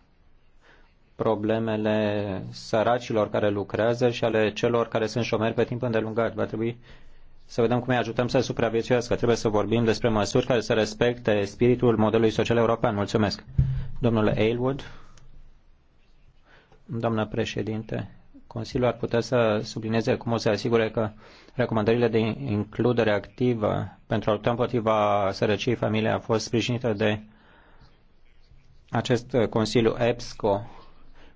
problemele săracilor care lucrează și ale celor care sunt șomeri pe timp îndelungat. Va trebui să vedem cum îi ajutăm să supraviețuiască. Trebuie să vorbim despre măsuri care să respecte spiritul modelului social european. Mulțumesc. Domnule Aylwood, doamnă președinte, Consiliul ar putea să sublinieze cum o să asigure că recomandările de includere activă pentru a lupta împotriva sărăciei familiei a fost sprijinită de acest Consiliu EPSCO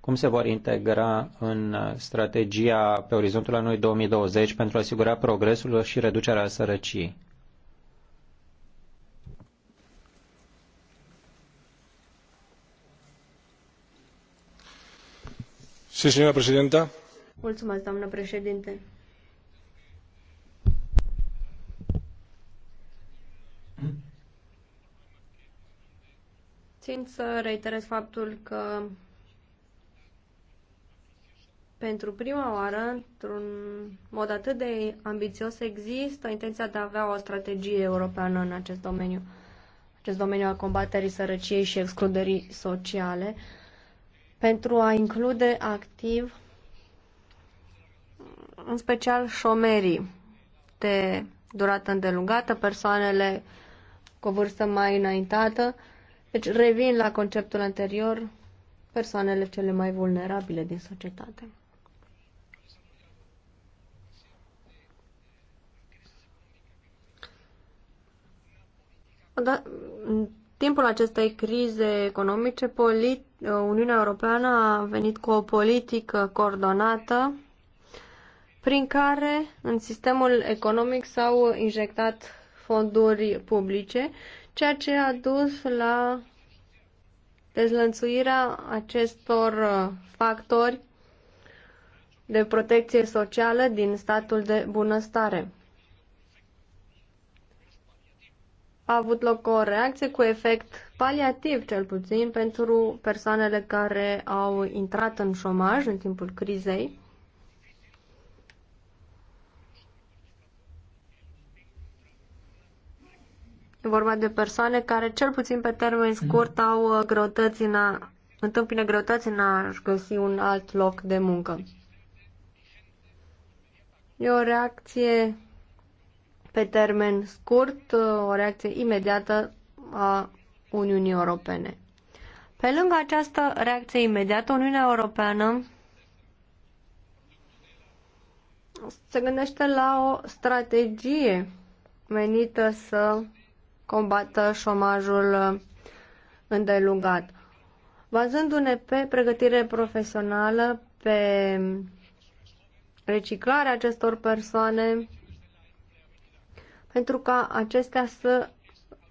cum se vor integra în strategia pe orizontul anului 2020 pentru a asigura progresul și reducerea sărăciei. Sí, señora presidenta. Mulțumesc, doamnă președinte. Țin să reiterez faptul că pentru prima oară, într-un mod atât de ambițios, există intenția de a avea o strategie europeană în acest domeniu, acest domeniu al combaterii sărăciei și excluderii sociale, pentru a include activ, în special, șomerii de durată îndelungată, persoanele cu o vârstă mai înaintată. Deci revin la conceptul anterior, persoanele cele mai vulnerabile din societate. Da, în timpul acestei crize economice, polit- Uniunea Europeană a venit cu o politică coordonată prin care în sistemul economic s-au injectat fonduri publice, ceea ce a dus la dezlănțuirea acestor uh, factori de protecție socială din statul de bunăstare. a avut loc o reacție cu efect paliativ, cel puțin, pentru persoanele care au intrat în șomaj în timpul crizei. E vorba de persoane care, cel puțin pe termen scurt, au uh, greutăți în a, întâmpină greutăți în a-și găsi un alt loc de muncă. E o reacție pe termen scurt uh, o reacție imediată a Uniunii Europene. Pe lângă această reacție imediată, Uniunea Europeană se gândește la o strategie menită să combată șomajul îndelungat. Bazându-ne pe pregătire profesională, pe reciclarea acestor persoane, pentru ca acestea să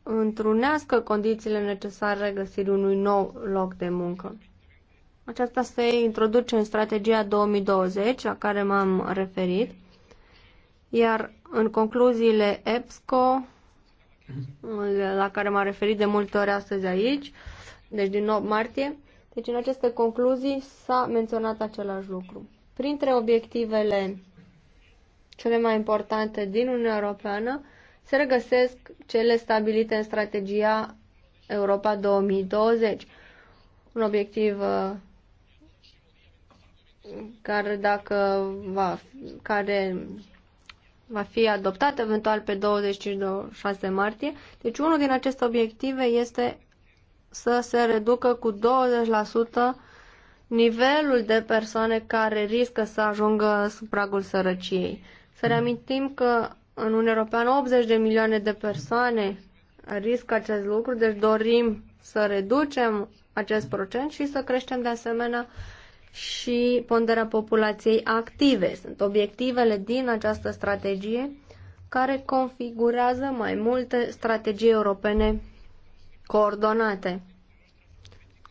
întrunească condițiile necesare găsirii unui nou loc de muncă. Aceasta se introduce în strategia 2020 la care m-am referit, iar în concluziile EPSCO, la care m-am referit de multe ori astăzi aici, deci din 8 martie, deci în aceste concluzii s-a menționat același lucru. Printre obiectivele cele mai importante din Uniunea Europeană se regăsesc cele stabilite în strategia Europa 2020, un obiectiv uh, care dacă va, care va fi adoptat eventual pe 25-26 martie. Deci unul din aceste obiective este să se reducă cu 20% nivelul de persoane care riscă să ajungă sub pragul sărăciei. Să reamintim că în Uniunea Europeană 80 de milioane de persoane riscă acest lucru, deci dorim să reducem acest procent și să creștem de asemenea și ponderea populației active. Sunt obiectivele din această strategie care configurează mai multe strategii europene coordonate.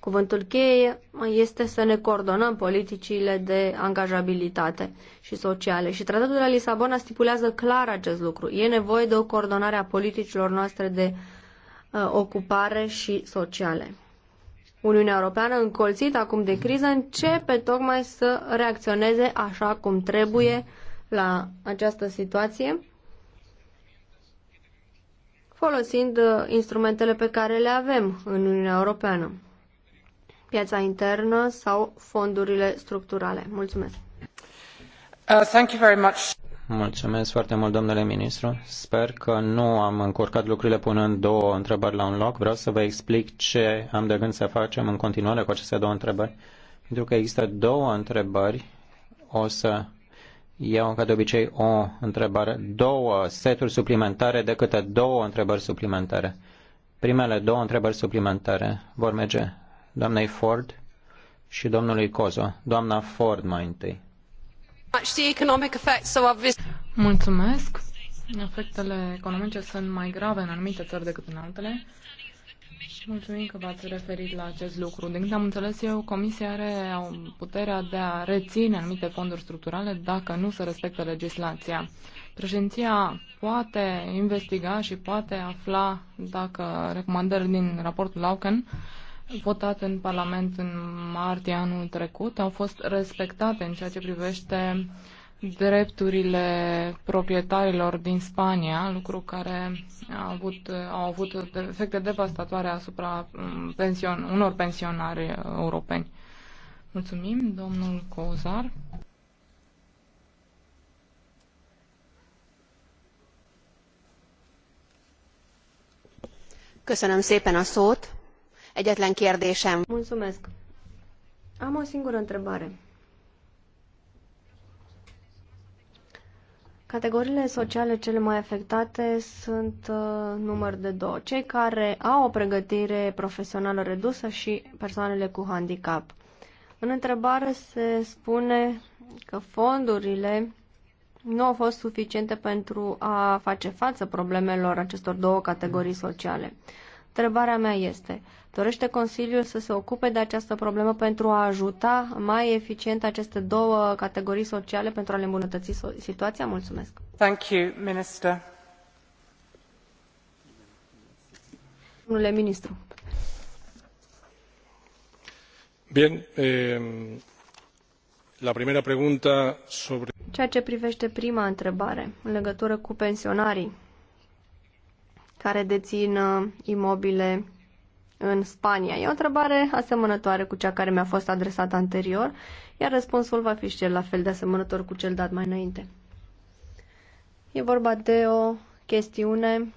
Cuvântul cheie este să ne coordonăm politicile de angajabilitate și sociale. Și Tratatul de la Lisabona stipulează clar acest lucru. E nevoie de o coordonare a politicilor noastre de uh, ocupare și sociale. Uniunea Europeană, încolțită acum de criză, începe tocmai să reacționeze așa cum trebuie la această situație, folosind uh, instrumentele pe care le avem în Uniunea Europeană piața internă sau fondurile structurale. Mulțumesc! Uh, thank you very much. Mulțumesc foarte mult, domnule ministru. Sper că nu am încurcat lucrurile punând două întrebări la un loc. Vreau să vă explic ce am de gând să facem în continuare cu aceste două întrebări. Pentru că există două întrebări, o să iau ca de obicei o întrebare, două seturi suplimentare de câte două întrebări suplimentare. Primele două întrebări suplimentare vor merge doamnei Ford și domnului Cozo. Doamna Ford mai întâi. Mulțumesc. Efectele economice sunt mai grave în anumite țări decât în altele. Mulțumim că v-ați referit la acest lucru. Din câte am înțeles eu, Comisia are puterea de a reține anumite fonduri structurale dacă nu se respectă legislația. Președinția poate investiga și poate afla dacă recomandări din raportul Lauken votat în Parlament în martie anul trecut au fost respectate în ceea ce privește drepturile proprietarilor din Spania, lucru care a avut, au avut efecte devastatoare asupra um, pension, unor pensionari uh, europeni. Mulțumim, domnul Cozar. Köszönöm szépen a szót Egyetlen kérdésem. Mulțumesc. Am o singură întrebare. Categoriile sociale cele mai afectate sunt uh, număr de două. Cei care au o pregătire profesională redusă și persoanele cu handicap. În întrebare se spune că fondurile nu au fost suficiente pentru a face față problemelor acestor două categorii sociale. Întrebarea mea este, dorește Consiliul să se ocupe de această problemă pentru a ajuta mai eficient aceste două categorii sociale pentru a le îmbunătăți situația? Mulțumesc. Thank you, Minister. Domnule ministru. Bien, eh, la primera pregunta sobre... Ceea ce privește prima întrebare, în legătură cu pensionarii care dețin uh, imobile în Spania. E o întrebare asemănătoare cu cea care mi-a fost adresată anterior, iar răspunsul va fi și cel la fel de asemănător cu cel dat mai înainte. E vorba de o chestiune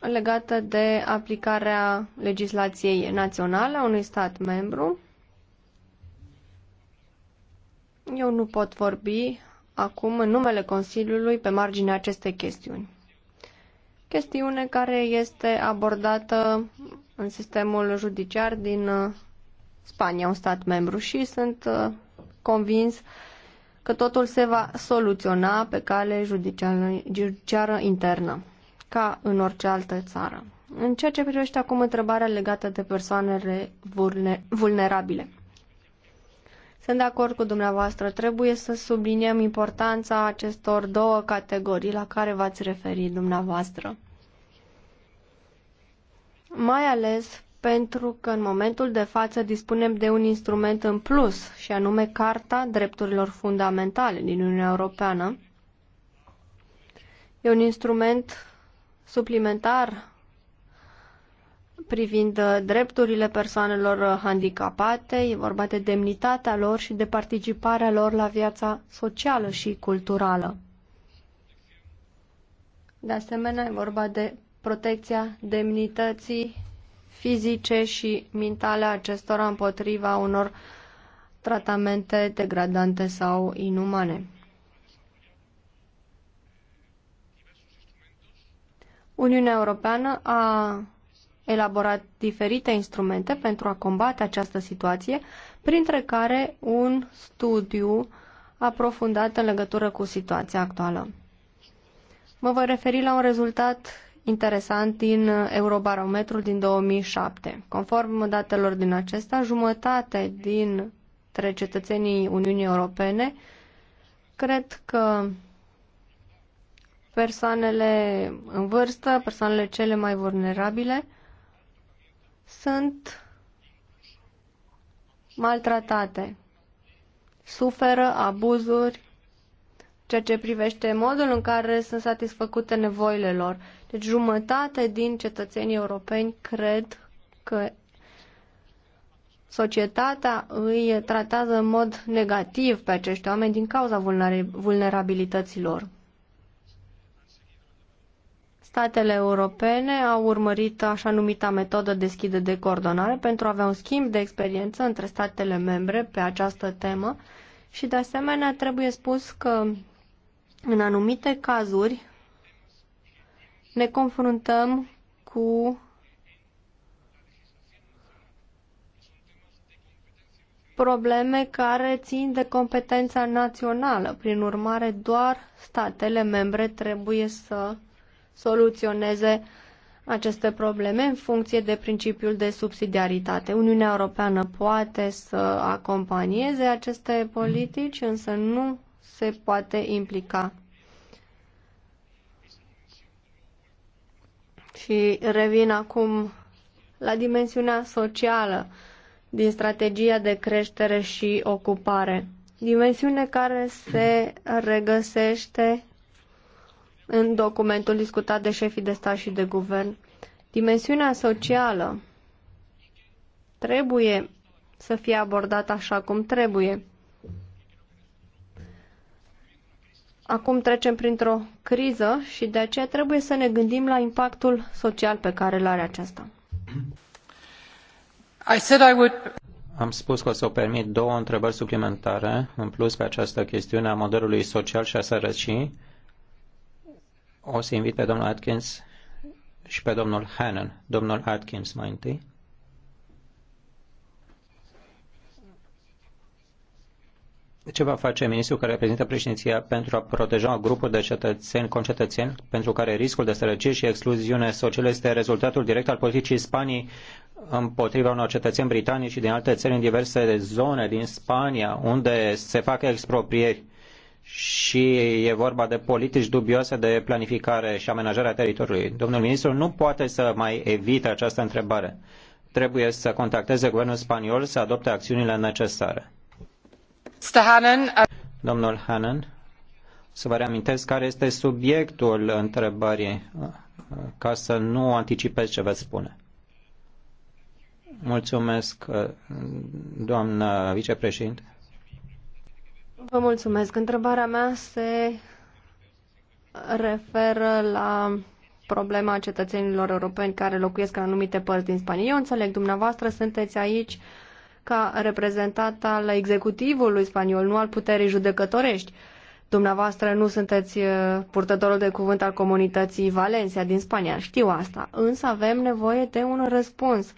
legată de aplicarea legislației naționale a unui stat membru. Eu nu pot vorbi acum în numele Consiliului pe marginea acestei chestiuni. Chestiune care este abordată în sistemul judiciar din uh, Spania, un stat membru, și sunt uh, convins că totul se va soluționa pe cale judiciară, internă, ca în orice altă țară. În ceea ce privește acum întrebarea legată de persoanele vulnerabile. Sunt de acord cu dumneavoastră. Trebuie să subliniem importanța acestor două categorii la care v-ați referit dumneavoastră. Mai ales pentru că în momentul de față dispunem de un instrument în plus, și anume Carta Drepturilor Fundamentale din Uniunea Europeană. E un instrument suplimentar privind uh, drepturile persoanelor uh, handicapate, e vorba de demnitatea lor și de participarea lor la viața socială și culturală. De asemenea, e vorba de protecția demnității fizice și mentale acestora împotriva unor tratamente degradante sau inumane. Uniunea Europeană a elaborat diferite instrumente pentru a combate această situație, printre care un studiu aprofundat în legătură cu situația actuală. Mă voi referi la un rezultat interesant din Eurobarometrul din 2007. Conform datelor din acesta, jumătate dintre cetățenii Uniunii Europene cred că persoanele în vârstă, persoanele cele mai vulnerabile, sunt maltratate, suferă abuzuri, ceea ce privește modul în care sunt satisfăcute nevoile lor. Deci jumătate din cetățenii europeni cred că societatea îi tratează în mod negativ pe acești oameni din cauza vulnerabilităților statele europene au urmărit așa numita metodă deschidă de coordonare pentru a avea un schimb de experiență între statele membre pe această temă și de asemenea trebuie spus că în anumite cazuri ne confruntăm cu probleme care țin de competența națională. Prin urmare, doar statele membre trebuie să soluționeze aceste probleme în funcție de principiul de subsidiaritate. Uniunea Europeană poate să acompanieze aceste politici, însă nu se poate implica. Și revin acum la dimensiunea socială din strategia de creștere și ocupare. Dimensiune care se regăsește în documentul discutat de șefii de stat și de guvern, dimensiunea socială trebuie să fie abordată așa cum trebuie. Acum trecem printr-o criză și de aceea trebuie să ne gândim la impactul social pe care îl are aceasta. I said I would... Am spus că o să o permit două întrebări suplimentare în plus pe această chestiune a modelului social și a sărăcii o să invit pe domnul Atkins și pe domnul Hannon. Domnul Atkins mai întâi. Ce va face ministrul care reprezintă președinția pentru a proteja grupul de cetățeni, concetățeni, pentru care riscul de sărăcie și excluziune socială este rezultatul direct al politicii Spaniei împotriva unor cetățeni britanici și din alte țări în diverse zone din Spania, unde se fac exproprieri? și e vorba de politici dubioase de planificare și amenajare a teritoriului. Domnul ministru nu poate să mai evite această întrebare. Trebuie să contacteze guvernul spaniol să adopte acțiunile necesare. Hanen. Uh, Domnul Hannan, să vă reamintesc care este subiectul întrebării, uh, ca să nu anticipez ce veți spune. Mulțumesc, uh, doamnă vicepreședinte. Vă mulțumesc. Întrebarea mea se referă la problema cetățenilor europeni care locuiesc în anumite părți din Spania. Eu înțeleg, dumneavoastră sunteți aici ca reprezentant al executivului spaniol, nu al puterii judecătorești. Dumneavoastră nu sunteți uh, purtătorul de cuvânt al comunității Valencia din Spania, știu asta, însă avem nevoie de un răspuns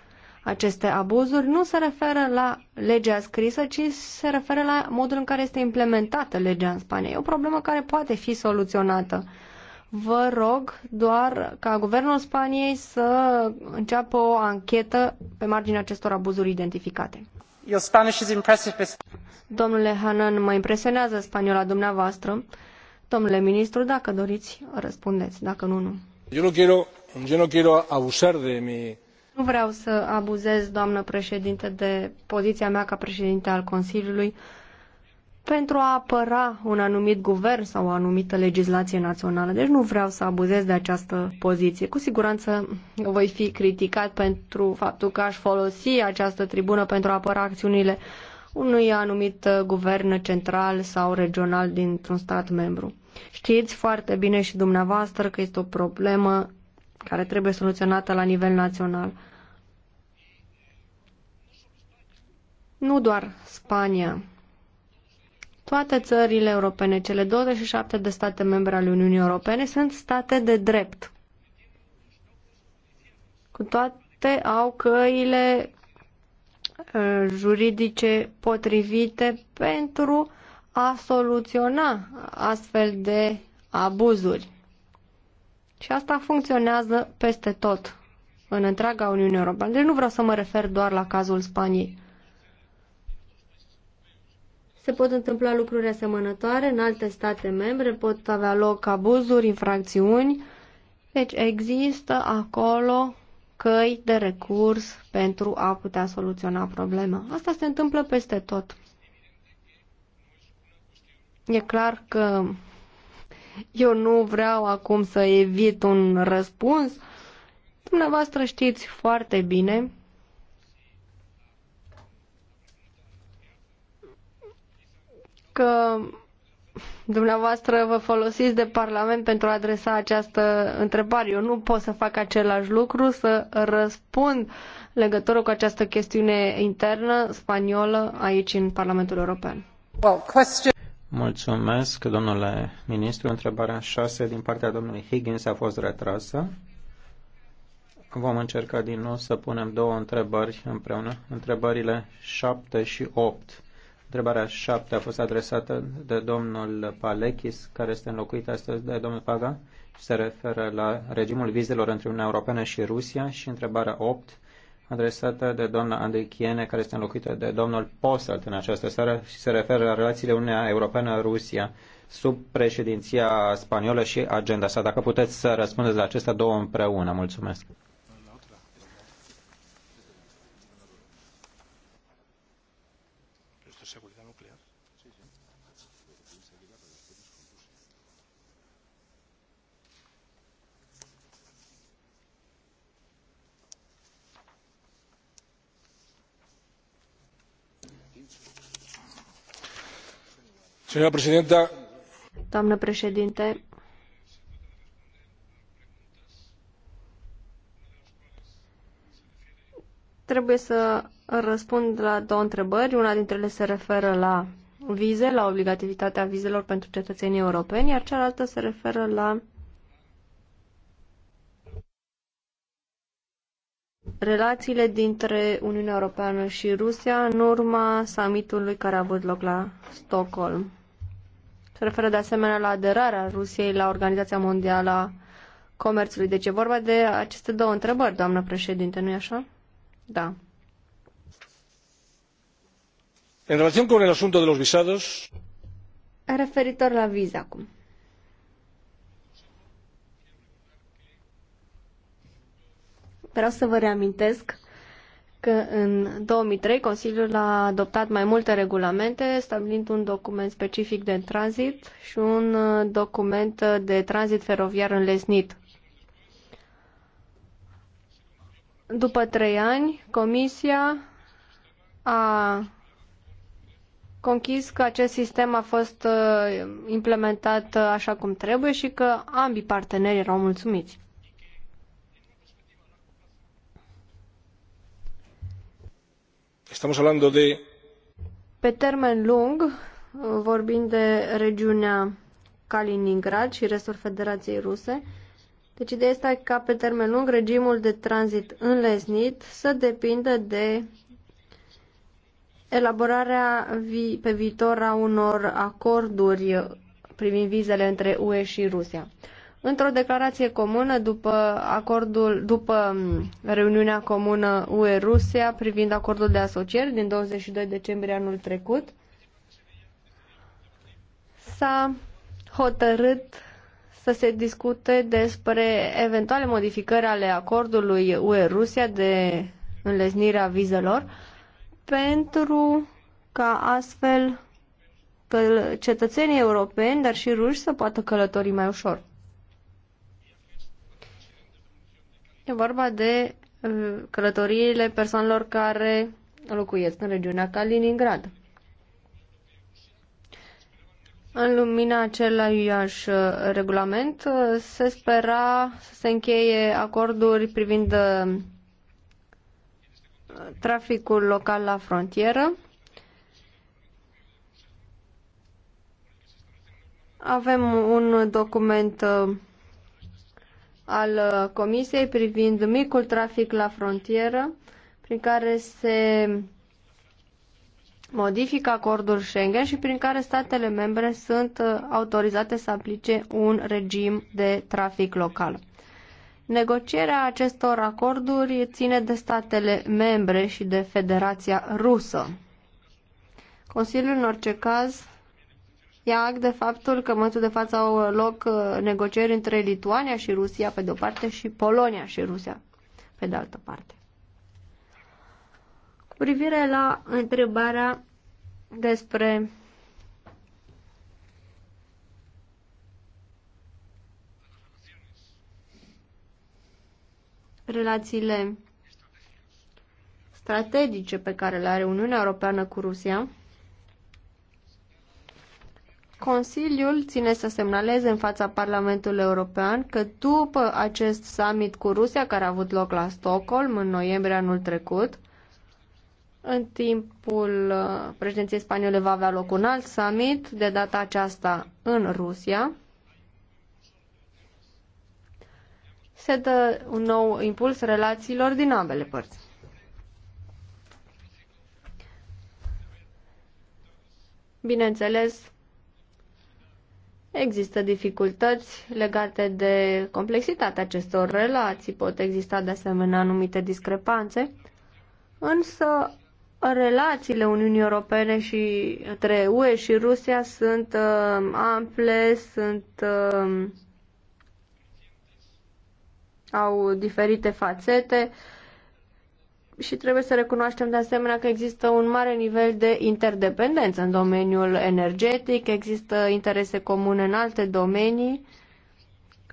aceste abuzuri nu se referă la legea scrisă, ci se referă la modul în care este implementată legea în Spania. E o problemă care poate fi soluționată. Vă rog doar ca guvernul Spaniei să înceapă o anchetă pe marginea acestor abuzuri identificate. Your Spanish is impressive. Domnule Hanan, mă impresionează spaniola dumneavoastră. Domnule ministru, dacă doriți, răspundeți. Dacă nu, nu. Eu nu quiero, yo no quiero abusar de mi nu vreau să abuzez, doamnă președinte, de poziția mea ca președinte al Consiliului pentru a apăra un anumit guvern sau o anumită legislație națională. Deci nu vreau să abuzez de această poziție. Cu siguranță voi fi criticat pentru faptul că aș folosi această tribună pentru a apăra acțiunile unui anumit guvern central sau regional dintr-un stat membru. Știți foarte bine și dumneavoastră că este o problemă care trebuie soluționată la nivel național. Nu doar Spania. Toate țările europene, cele 27 de state membre ale Uniunii Europene, sunt state de drept. Cu toate au căile ă, juridice potrivite pentru a soluționa astfel de abuzuri. Și asta funcționează peste tot, în întreaga Uniune Europeană. Deci nu vreau să mă refer doar la cazul Spaniei. Se pot întâmpla lucruri asemănătoare în alte state membre, pot avea loc abuzuri, infracțiuni. Deci există acolo căi de recurs pentru a putea soluționa problema. Asta se întâmplă peste tot. E clar că eu nu vreau acum să evit un răspuns. Dumneavoastră știți foarte bine că dumneavoastră vă folosiți de Parlament pentru a adresa această întrebare. Eu nu pot să fac același lucru, să răspund legătură cu această chestiune internă spaniolă aici în Parlamentul European. Well, question... Mulțumesc, domnule ministru. Întrebarea 6 din partea domnului Higgins a fost retrasă. Vom încerca din nou să punem două întrebări împreună, întrebările 7 și 8. Întrebarea 7 a fost adresată de domnul Palechis, care este înlocuit astăzi de domnul Paga și se referă la regimul vizelor între Uniunea Europeană și Rusia și întrebarea 8 adresată de doamna Andrei Chiene, care este înlocuită de domnul Posselt în această seară și se referă la relațiile Uniunea Europeană-Rusia sub președinția spaniolă și agenda sa. Dacă puteți să răspundeți la acestea două împreună. Mulțumesc. Doamnă președinte, trebuie să răspund la două întrebări. Una dintre ele se referă la vize, la obligativitatea vizelor pentru cetățenii europeni, iar cealaltă se referă la relațiile dintre Uniunea Europeană și Rusia în urma summitului care a avut loc la Stockholm. Se referă de asemenea la aderarea Rusiei la Organizația Mondială a Comerțului. Deci e vorba de aceste două întrebări, doamnă președinte, nu-i așa? Da. În relație cu el asunto de los visados... Referitor la viza acum. Vreau să vă reamintesc că în 2003 Consiliul a adoptat mai multe regulamente, stabilind un document specific de tranzit și un uh, document uh, de tranzit feroviar înlesnit. După trei ani, Comisia a conchis că acest sistem a fost uh, implementat așa cum trebuie și că ambii parteneri erau mulțumiți. Estamos hablando de... Pe termen lung, vorbind de regiunea Kaliningrad și restul Federației Ruse, deci ideea este ca pe termen lung regimul de tranzit înlesnit să depindă de elaborarea vi- pe viitor a unor acorduri privind vizele între UE și Rusia într-o declarație comună după acordul după reuniunea comună UE-Rusia privind acordul de asociere din 22 decembrie anul trecut s-a hotărât să se discute despre eventuale modificări ale acordului UE-Rusia de înlesnire a vizelor pentru ca astfel cetățenii europeni, dar și ruși să poată călători mai ușor. E vorba de uh, călătoriile persoanelor care locuiesc în regiunea Kaliningrad. În lumina acelui uh, regulament uh, se spera să se încheie acorduri privind traficul local la frontieră. Avem un document al uh, Comisiei privind micul trafic la frontieră, prin care se modifică acordul Schengen și prin care statele membre sunt uh, autorizate să aplice un regim de trafic local. Negocierea acestor acorduri ține de statele membre și de Federația Rusă. Consiliul, în orice caz, ia act de faptul că în momentul de față au loc uh, negocieri între Lituania și Rusia pe de o parte și Polonia și Rusia pe de altă parte. Cu privire la întrebarea despre relațiile strategice pe care le are Uniunea Europeană cu Rusia, Consiliul ține să semnaleze în fața Parlamentului European că după acest summit cu Rusia care a avut loc la Stockholm în noiembrie anul trecut, în timpul uh, președinției spaniole va avea loc un alt summit, de data aceasta în Rusia. Se dă un nou impuls relațiilor din ambele părți. Bineînțeles, Există dificultăți legate de complexitatea acestor relații, pot exista de asemenea anumite discrepanțe, însă relațiile Uniunii Europene și între UE și Rusia sunt uh, ample, sunt uh, au diferite fațete. Uh, și trebuie să recunoaștem de asemenea că există un mare nivel de interdependență în domeniul energetic, există interese comune în alte domenii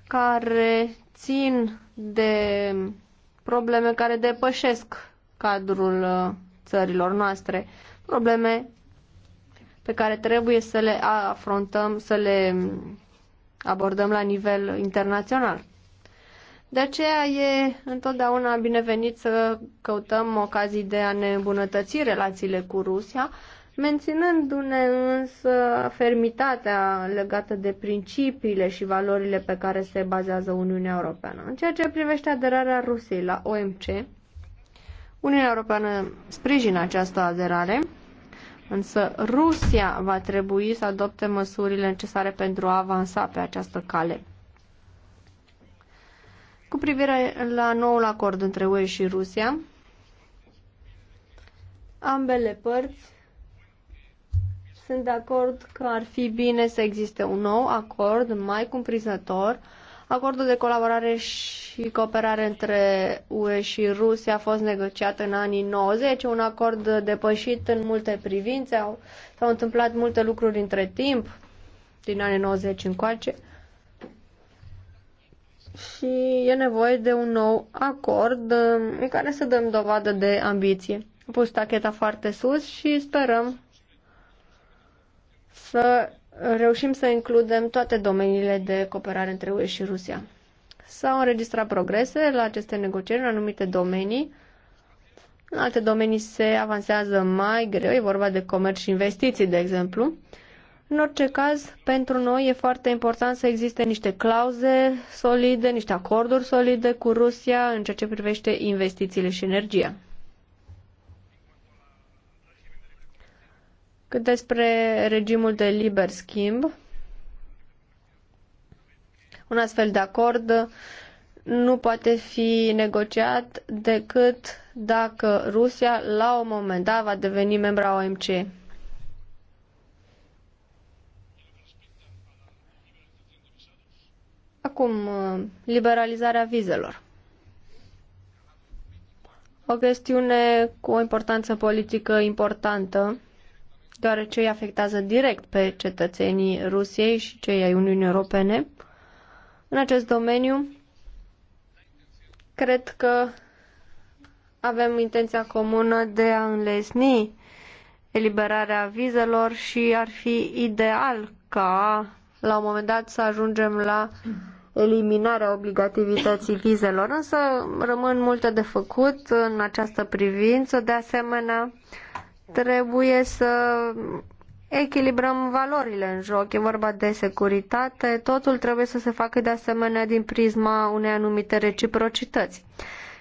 care țin de probleme care depășesc cadrul uh, țărilor noastre, probleme pe care trebuie să le afrontăm, să le abordăm la nivel internațional. De aceea e întotdeauna binevenit să căutăm ocazii de a ne îmbunătăți relațiile cu Rusia, menținându-ne însă fermitatea legată de principiile și valorile pe care se bazează Uniunea Europeană. În ceea ce privește aderarea Rusiei la OMC, Uniunea Europeană sprijină această aderare, însă Rusia va trebui să adopte măsurile necesare pentru a avansa pe această cale. Cu privire la noul acord între UE și Rusia, ambele părți sunt de acord că ar fi bine să existe un nou acord mai cumprinzător. Acordul de colaborare și cooperare între UE și Rusia a fost negociat în anii 90, un acord depășit în multe privințe, s-au întâmplat multe lucruri între timp, din anii 90 încoace și e nevoie de un nou acord în um, care să dăm dovadă de ambiție. Am pus tacheta foarte sus și sperăm să reușim să includem toate domeniile de cooperare între UE și Rusia. S-au înregistrat progrese la aceste negocieri în anumite domenii. În alte domenii se avansează mai greu, e vorba de comerț și investiții, de exemplu. În orice caz, pentru noi e foarte important să existe niște clauze solide, niște acorduri solide cu Rusia în ceea ce privește investițiile și energia. Cât despre regimul de liber schimb, un astfel de acord nu poate fi negociat decât dacă Rusia la un moment dat va deveni membra OMC. Acum, uh, liberalizarea vizelor. O chestiune cu o importanță politică importantă, deoarece îi afectează direct pe cetățenii Rusiei și cei ai Uniunii Europene. În acest domeniu, cred că avem intenția comună de a înlesni eliberarea vizelor și ar fi ideal ca la un moment dat să ajungem la eliminarea obligativității vizelor, însă rămân multe de făcut în această privință. De asemenea, trebuie să echilibrăm valorile în joc. E vorba de securitate, totul trebuie să se facă de asemenea din prisma unei anumite reciprocități.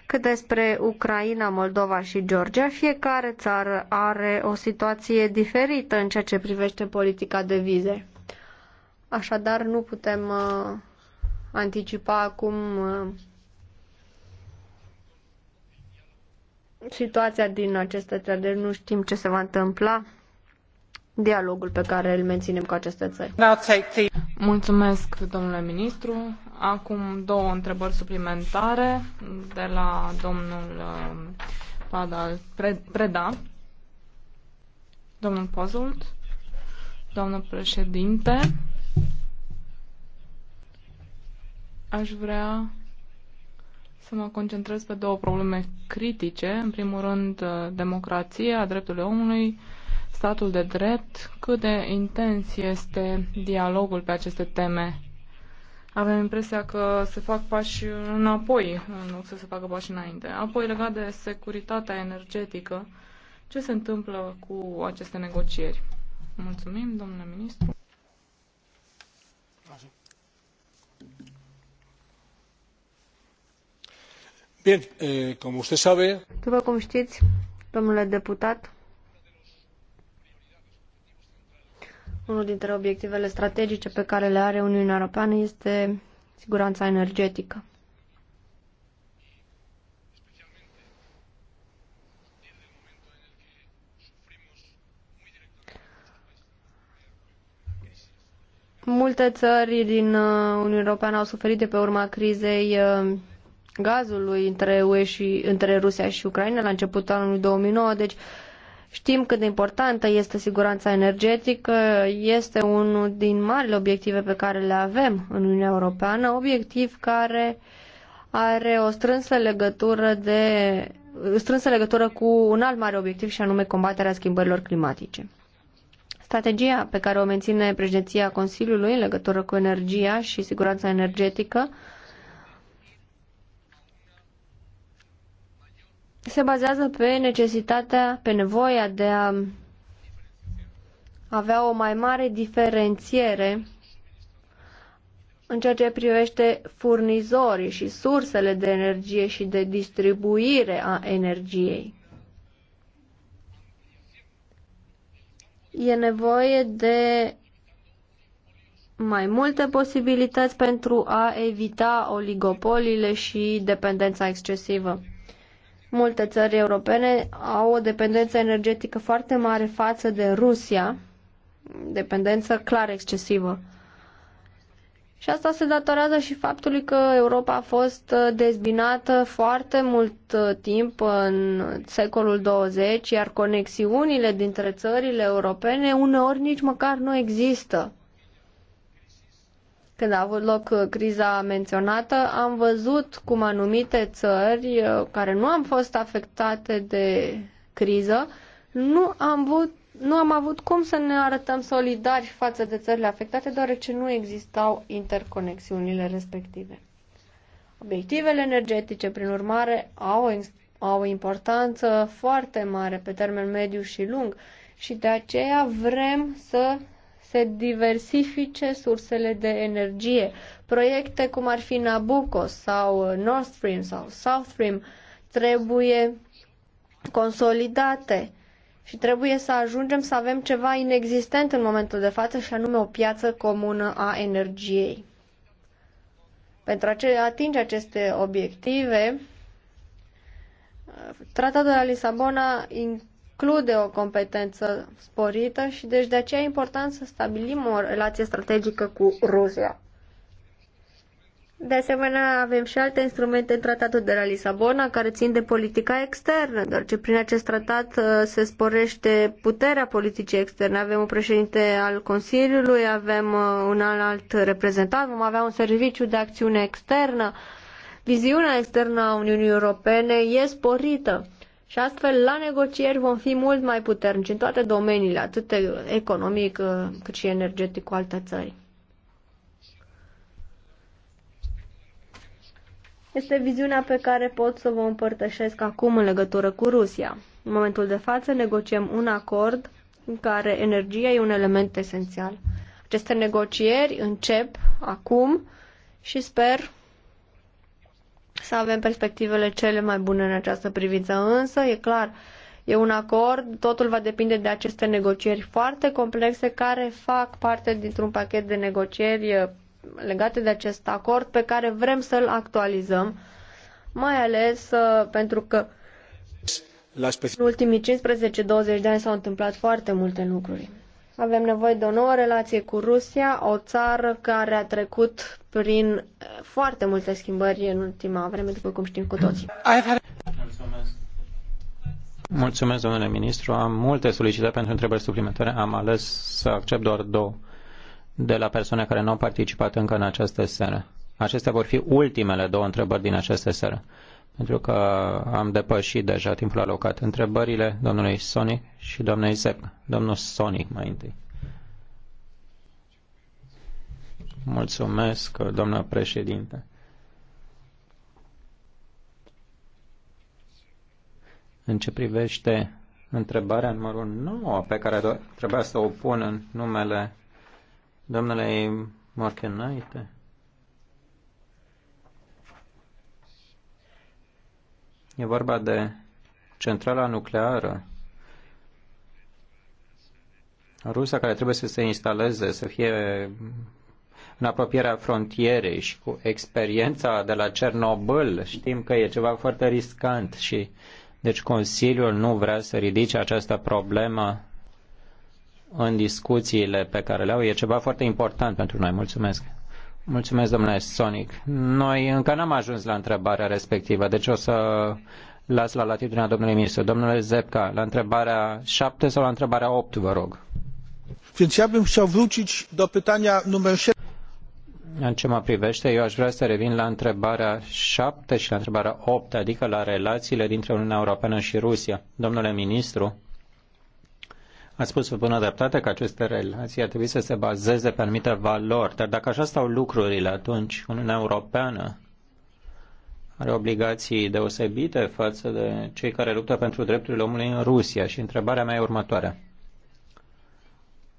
Cât despre Ucraina, Moldova și Georgia, fiecare țară are o situație diferită în ceea ce privește politica de vize. Așadar, nu putem uh, anticipa acum uh, situația din aceste țări, deci nu știm ce se va întâmpla dialogul pe care îl menținem cu aceste țări. Mulțumesc, domnule ministru. Acum două întrebări suplimentare de la domnul uh, Padal Preda. Domnul Pozult, domnul președinte, Aș vrea să mă concentrez pe două probleme critice. În primul rând, uh, democrația, drepturile omului, statul de drept, cât de intens este dialogul pe aceste teme. Avem impresia că se fac pași înapoi, în loc să se facă pași înainte. Apoi, legat de securitatea energetică, ce se întâmplă cu aceste negocieri? Mulțumim, domnule ministru. Eh, După cum tii domnule deputat, unul dintre obiectivele strategice pe care le are Uniunea Europeană este sigurana energetică. Multe ări din uh, Uniunea Europeană au suferit de pe urma crizei uh, gazului între, UE și, între Rusia și Ucraina la începutul anului 2009, deci știm cât de importantă este siguranța energetică, este unul din marile obiective pe care le avem în Uniunea Europeană, obiectiv care are o strânsă legătură de strânsă legătură cu un alt mare obiectiv și anume combaterea schimbărilor climatice. Strategia pe care o menține președinția Consiliului în legătură cu energia și siguranța energetică se bazează pe necesitatea, pe nevoia de a avea o mai mare diferențiere în ceea ce privește furnizorii și sursele de energie și de distribuire a energiei. E nevoie de mai multe posibilități pentru a evita oligopolile și dependența excesivă. Multe țări europene au o dependență energetică foarte mare față de Rusia, dependență clar excesivă. Și asta se datorează și faptului că Europa a fost uh, dezbinată foarte mult uh, timp în secolul 20, iar conexiunile dintre țările europene uneori nici măcar nu există. Când a avut loc uh, criza menționată, am văzut cum anumite țări uh, care nu am fost afectate de criză, nu am avut nu am avut cum să ne arătăm solidari față de țările afectate, deoarece nu existau interconexiunile respective. Obiectivele energetice, prin urmare, au, au o importanță foarte mare pe termen mediu și lung și de aceea vrem să se diversifice sursele de energie. Proiecte cum ar fi Nabucco sau Nord Stream sau South Stream trebuie consolidate și trebuie să ajungem să avem ceva inexistent în momentul de față și anume o piață comună a energiei. Pentru a atinge aceste obiective, Tratatul de la Lisabona include o competență sporită și deci de aceea e important să stabilim o relație strategică cu Rusia. De asemenea, avem și alte instrumente în tratatul de la Lisabona care țin de politica externă, doar ce prin acest tratat uh, se sporește puterea politicii externe. Avem un președinte al Consiliului, avem uh, un alt reprezentant, vom avea un serviciu de acțiune externă. Viziunea externă a Uniunii Europene e sporită. Și astfel, la negocieri vom fi mult mai puternici în toate domeniile, atât economic uh, cât și energetic cu alte țări. Este viziunea pe care pot să vă împărtășesc acum în legătură cu Rusia. În momentul de față negociem un acord în care energia e un element esențial. Aceste negocieri încep acum și sper să avem perspectivele cele mai bune în această privință. Însă, e clar, e un acord, totul va depinde de aceste negocieri foarte complexe care fac parte dintr-un pachet de negocieri legate de acest acord pe care vrem să-l actualizăm, mai ales pentru că în ultimii 15-20 de ani s-au întâmplat foarte multe lucruri. Avem nevoie de o nouă relație cu Rusia, o țară care a trecut prin foarte multe schimbări în ultima vreme, după cum știm cu toții. Mulțumesc. domnule ministru. Am multe solicitări pentru întrebări suplimentare. Am ales să accept doar două de la persoane care nu au participat încă în această seară. Acestea vor fi ultimele două întrebări din această seară pentru că am depășit deja timpul alocat. Întrebările domnului Sonic și domnului Zep. Domnul Sonic mai întâi. Mulțumesc, doamnă președinte. În ce privește întrebarea numărul 9 pe care trebuia să o pun în numele domnului Morchenaite, E vorba de centrala nucleară rusă care trebuie să se instaleze, să fie în apropierea frontierei și cu experiența de la Cernobâl știm că e ceva foarte riscant și deci Consiliul nu vrea să ridice această problemă în discuțiile pe care le au. E ceva foarte important pentru noi. Mulțumesc. Mulțumesc, domnule Sonic. Noi încă n-am ajuns la întrebarea respectivă, deci o să las la latitudinea domnului ministru. Domnule Zepca, la întrebarea 7 sau la întrebarea 8, vă rog. Więc ja bym chciał wrócić do pytania numer 7. În ce mă privește, eu aș vrea să revin la întrebarea 7 și la întrebarea 8, adică la relațiile dintre Uniunea Europeană și Rusia. Domnule ministru, a spus pe bună dreptate că aceste relații ar trebui să se bazeze pe anumite valori, dar dacă așa stau lucrurile, atunci Uniunea Europeană are obligații deosebite față de cei care luptă pentru drepturile omului în Rusia. Și întrebarea mea e următoarea.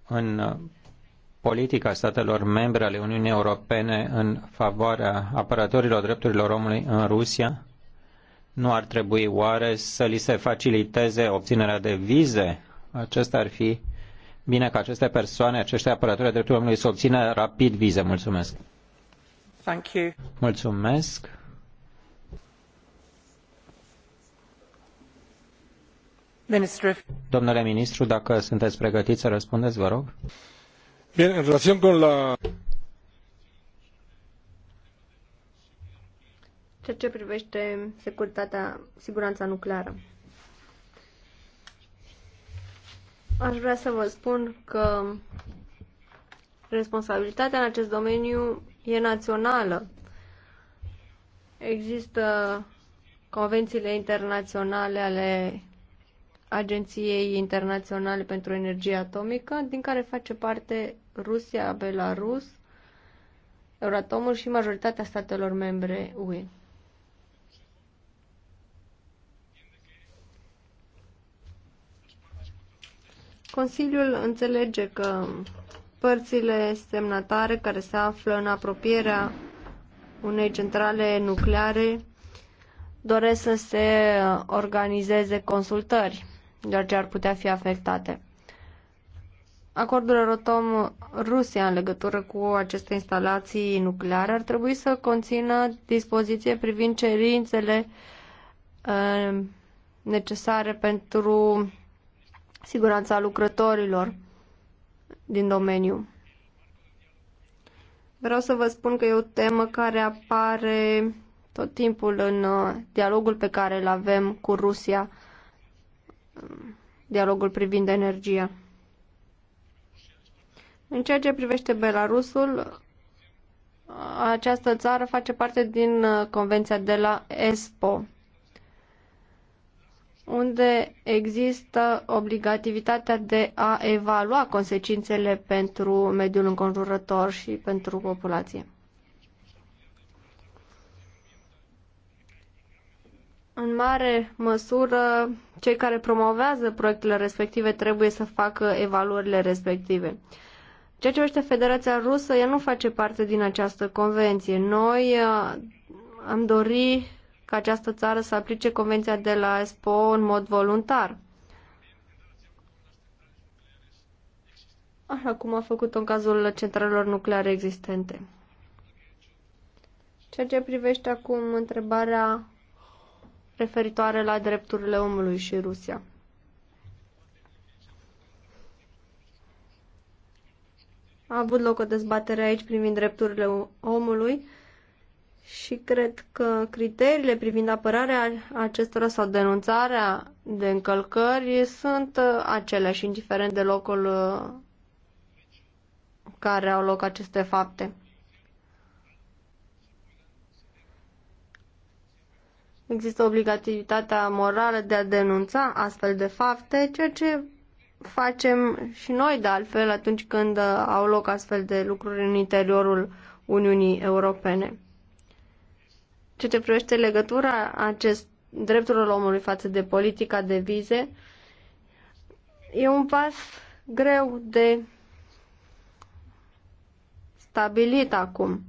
În politica statelor membre ale Uniunii Europene în favoarea apărătorilor drepturilor omului în Rusia, nu ar trebui oare să li se faciliteze obținerea de vize acesta ar fi bine ca aceste persoane, acești apărători ai drepturilor omului, să obțină rapid vize. Mulțumesc. Thank you. Mulțumesc. Domnule ministru, dacă sunteți pregătiți să răspundeți, vă rog. Bine, în relație cu la... Ceea ce privește securitatea, siguranța nucleară. Aș vrea să vă spun că responsabilitatea în acest domeniu e națională. Există convențiile internaționale ale Agenției Internaționale pentru Energie Atomică, din care face parte Rusia, Belarus, Euratomul și majoritatea statelor membre UE. Consiliul înțelege că părțile semnatare care se află în apropierea unei centrale nucleare doresc să se organizeze consultări, deoarece ar putea fi afectate. Acordul Rotom Rusia în legătură cu aceste instalații nucleare ar trebui să conțină dispoziție privind cerințele uh, necesare pentru siguranța lucrătorilor din domeniu. Vreau să vă spun că e o temă care apare tot timpul în uh, dialogul pe care îl avem cu Rusia, um, dialogul privind energia. În ceea ce privește Belarusul, uh, această țară face parte din uh, Convenția de la ESPO, unde există obligativitatea de a evalua consecințele pentru mediul înconjurător și pentru populație. În mare măsură, cei care promovează proiectele respective trebuie să facă evaluările respective. Ceea ce este Federația Rusă, ea nu face parte din această convenție. Noi uh, am dori ca această țară să aplice convenția de la ESPO în mod voluntar. Așa cum a făcut-o în cazul centralelor nucleare existente. Ceea ce privește acum întrebarea referitoare la drepturile omului și Rusia. A avut loc o dezbatere aici privind drepturile omului și cred că criteriile privind apărarea acestora sau denunțarea de încălcări sunt uh, aceleași, indiferent de locul uh, care au loc aceste fapte. Există obligativitatea morală de a denunța astfel de fapte, ceea ce facem și noi de altfel atunci când uh, au loc astfel de lucruri în interiorul Uniunii Europene ce ce privește legătura acest drepturilor omului față de politica de vize, e un pas greu de stabilit acum.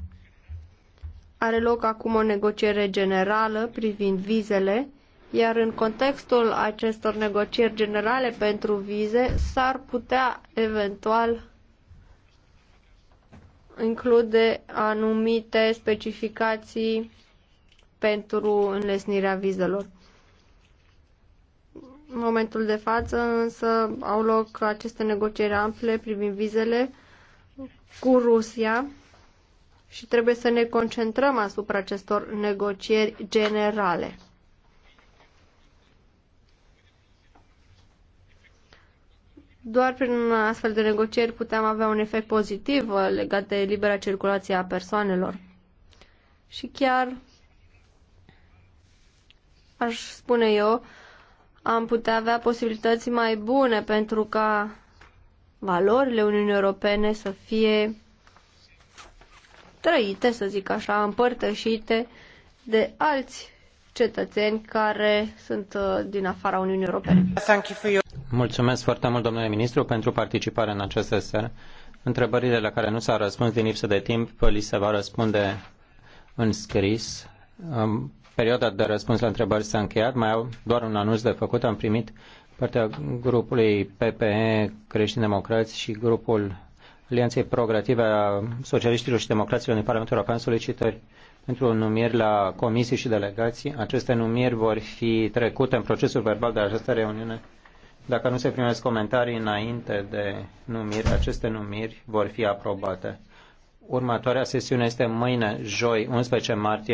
Are loc acum o negociere generală privind vizele, iar în contextul acestor negocieri generale pentru vize s-ar putea eventual include anumite specificații pentru înlesnirea vizelor. În momentul de față însă au loc aceste negocieri ample privind vizele cu Rusia și trebuie să ne concentrăm asupra acestor negocieri generale. Doar prin astfel de negocieri puteam avea un efect pozitiv legat de libera circulație a persoanelor. Și chiar aș spune eu, am putea avea posibilități mai bune pentru ca valorile Uniunii Europene să fie trăite, să zic așa, împărtășite de alți cetățeni care sunt uh, din afara Uniunii Europene. Mulțumesc foarte mult, domnule ministru, pentru participare în această seară. Întrebările la care nu s-a răspuns din lipsă de timp, li se va răspunde în scris. Perioada de răspuns la întrebări s-a încheiat. Mai au doar un anunț de făcut. Am primit partea grupului PPE Creștini Democrați și grupul Alianței Progrative a Socialiștilor și Democraților din Parlamentul European solicitări pentru numiri la comisii și delegații. Aceste numiri vor fi trecute în procesul verbal de această reuniune. Dacă nu se primesc comentarii înainte de numiri, aceste numiri vor fi aprobate. Următoarea sesiune este mâine, joi, 11 martie.